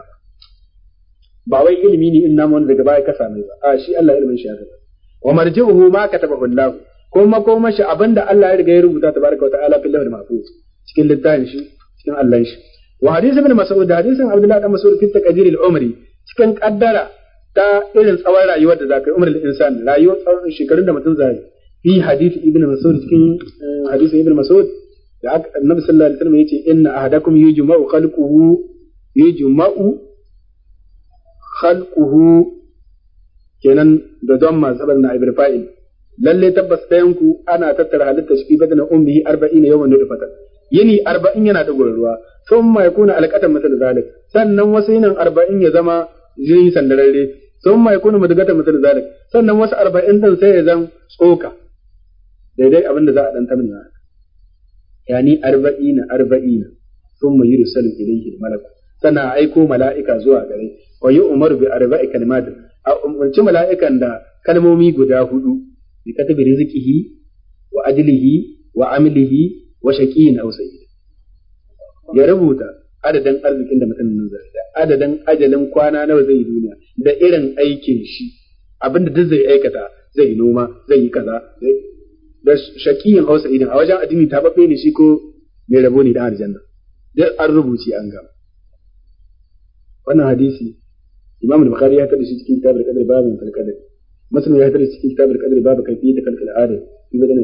ba wai ilimi ne in namu wanda daga baya ka same ba a shi Allah ilimin shi ya gabata wa marji'uhu ma katabahu Allah kuma koma shi abinda Allah ya riga ya rubuta tabaraka wa ta'ala fil lawhil mahfuz cikin littafin shi cikin Allah shi wa hadisi ibn mas'ud hadisin Abdullah dan Mas'ud fi taqdir al-umri cikin kaddara ta irin tsawon rayuwar da zakai umar al-insan rayuwar tsawon shekarun da mutum zai fi hadisi ibn Mas'ud cikin eh, hadisi ibn Mas'ud da annabi sallallahu alaihi wasallam yace inna ahadakum yujma'u khalquhu yujma'u khalquhu kenan da damma sabar na ibn fa'il lalle tabbas ɗayan ku ana tattara halitta shi badana arba'in 40 yawan nutfata yini arba'in yana da ruwa thumma yakuna alqatan da zalik sannan wasu yinan arba'in ya zama jini sandararre thumma yakuna mudgatan da zalik sannan wasu arba'in zan sai ya zan tsoka daidai abin da za a min na yani 40 40 thumma yursalu ilayhi malak sana aiko mala'ika zuwa gare wa yi umaru bi arba'i kalimatin a umarci mala'ikan da kalmomi guda hudu bi tabi rizikihi, wa ajilihi, wa amilihi, wa shaqiyin aw sa'id ya rubuta adadin arzikin da mutum nan zai da adadin ajalin kwana nawa zai duniya da irin aikin shi abinda duk zai aikata zai noma zai yi kaza da shaƙiyin hausa sa'id a wajen addini ta babbe ne shi ko mai rabo ne da aljanna duk an rubuce an gama wannan hadisi imam al-bukhari ya kada shi cikin kitab al-qadr babin al-qadr muslim ya kada shi cikin kitab al-qadr babu kayfiyat al-qadr adam fi badan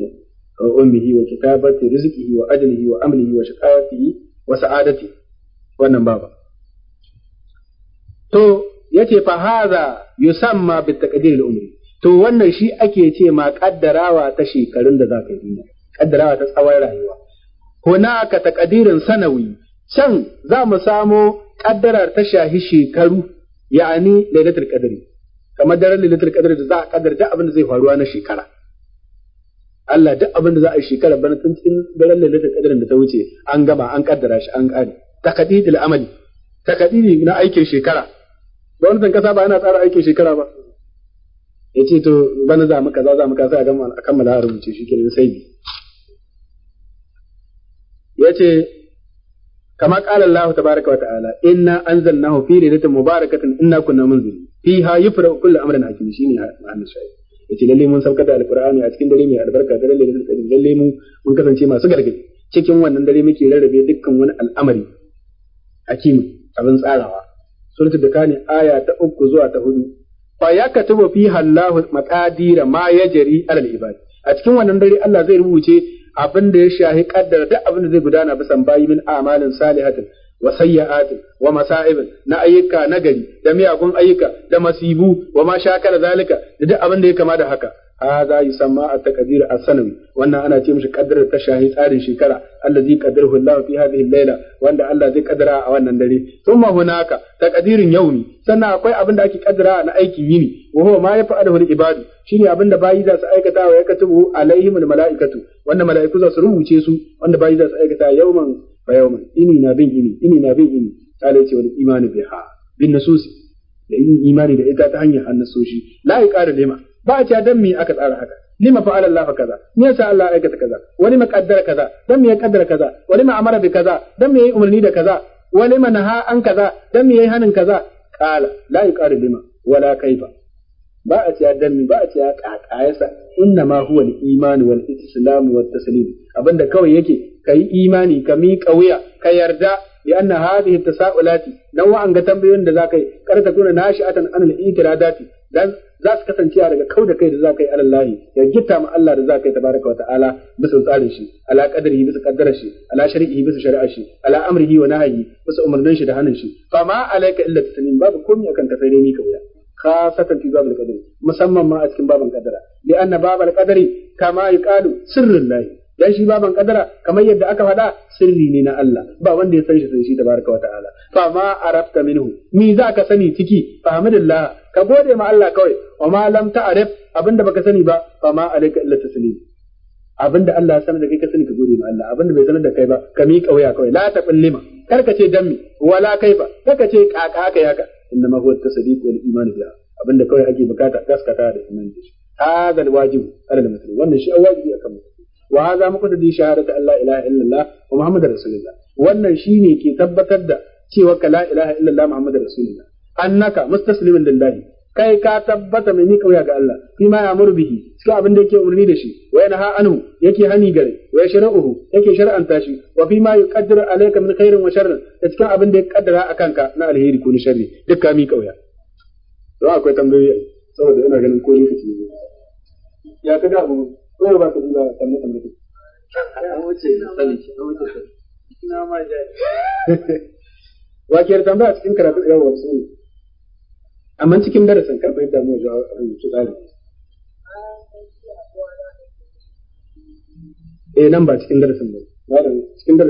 ummihi wa kitabati rizqihi wa ajlihi wa amlihi wa shaqatihi wa sa'adati wannan baba to yace fa hadha yusamma bi taqdir al-umri to wannan shi ake ce ma kaddarawa ta shekarun da za ka yi duniya kaddarawa ta tsawon rayuwa hunaka taqdirin sanawi can za mu samo kaddarar ta shahi shekaru ya'ani lailatul qadri kamar daren lailatul qadri da za a da abin da zai faruwa na shekara Allah duk abin da za a yi shekarar bana tun cikin daren lailatul qadrin da ta wuce an gama an kaddara shi an kare takadidul amali takadidi na aikin shekara gwamnatin kasa ba yana tsara aikin shekara ba yace to bana za mu kaza za mu kaza a gama a kammala a rubuce shi kenan sai yace كما قال الله تبارك وتعالى إنا أنزلناه في ليلة مباركة إنا كنا منذرين فيها يفرق كل أمر حكيم شيني معنى الشاهد yace lalle mun saukar da alqur'ani a cikin dare mai albarka da lalle lalle mu mun kasance masu gargaɗi cikin wannan dare muke rarrabe dukkan wani al'amari hakimin abin tsarawa suratul dukani aya ta uku zuwa ta hudu fa yakatubu fiha Allahu maqadira ma yajri alal ibad a cikin wannan dare Allah zai rubuce abin da ya shahi kaddara duk abin da zai gudana bisan bayi min amalin salihatin wa sayyi'atin wa masa'ibin na ayyuka nagari da miyagun ayyuka da masibu wa ma shakala zalika da duk abin da ya kama da haka hadha yusamma at-taqdir as-sanawi wannan ana ce mishi qadar ta shahi tsarin shekara allazi zai Allah fi hadhihi laila wanda Allah zai kadara a wannan dare thumma hunaka taqdirin yawmi sannan akwai abin da ake kadara na aikin yini wa huwa ma yaf'aluhu al-ibadu shine abin da bayi za su aikata wa yakatubu alaihim al-mala'ikatu wanda mala'iku za su rubuce su wanda bayi za su aikata yawman fa yawman ini na bin ini ini na bin ini sai ce wal imani biha bin nasusi da yin imani da ita ta hanyar annasoshi la ya lema ba a cewa dan me aka tsara haka lima fa'ala Allah kaza me yasa Allah ya aikata kaza wani ma kaddara kaza dan me ya kaddara kaza wani ma amara bi kaza dan me yayi umarni da kaza wani ma naha an kaza dan me yayi hanin kaza qala la yuqaru lima wala kaifa ba a cewa dan ba a cewa kakayasa inna ma huwa al-iman wal islam wat taslim abinda kawai yake kai imani ka miƙa wuya ka yarda bi anna hadhihi tasaulati dan wa'an ga tambayoyin da zakai kar ka tuna nashi atan anil itiradati za su kasance daga kau da kai da za ka yi alal lahi da gitta ma Allah da za ka yi tabaraka wa ta'ala bisa tsarin shi ala qadrihi bisa qaddarar shi ala shar'ihi bisa shari'ar shi ala amrihi wa nahyi bisa umarnin shi da hannun shi fa ma alayka illa babu komai akan ka sai dai mika wuya khasatan fi babul qadri musamman ma a cikin babul qadara li anna babul qadri kama yuqalu sirrul lahi dan shi baban kadara kamar yadda aka faɗa sirri ne na Allah ba wanda ya san shi sai shi tabaraka wa fa ma arafta minhu ni za ka sani ciki fa hamdulillah ka gode ma Allah kawai wa ma lam ta'rif abinda baka sani ba fa ma alayka illa taslim abinda Allah ya sanar da kai ka sani ka gode ma Allah abinda bai sanar da kai ba ka miƙa waya kawai la taqallima kar ka ce dammi wala kaifa kar ka ce kaka kai haka innama huwa tasdiq wal iman bi abinda kawai ake bukata gaskata da imani da shi hadal wajibu alal muslim wannan shi wajibi akan mutum wa hadha muqtadi shahadati alla ilaha illallah wa muhammadar rasulullah wannan shine ke tabbatar da cewa ka la ilaha illallah muhammadar rasulullah annaka mustaslimin lillahi kai ka tabbata mai mika wuya ga Allah fi ma ya'muru bihi cikin abin da yake umarni da shi wa yanha anhu yake hani gare wa yashra'uhu yake shar'anta shi wa fi ma yuqaddiru alayka min khairin wa sharrin da cikin abin da ya kaddara akan ka na alheri ko na sharri duk ka mika wuya to akwai tambayoyi saboda ina ganin ko lokaci ya kaga abu ko ya cikin karatu da yawon amma cikin darasin mu zuwa tsari. eh nan ba cikin darasin ba ne, cikin ne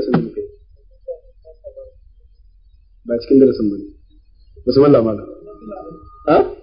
ba cikin darasin ba ne ha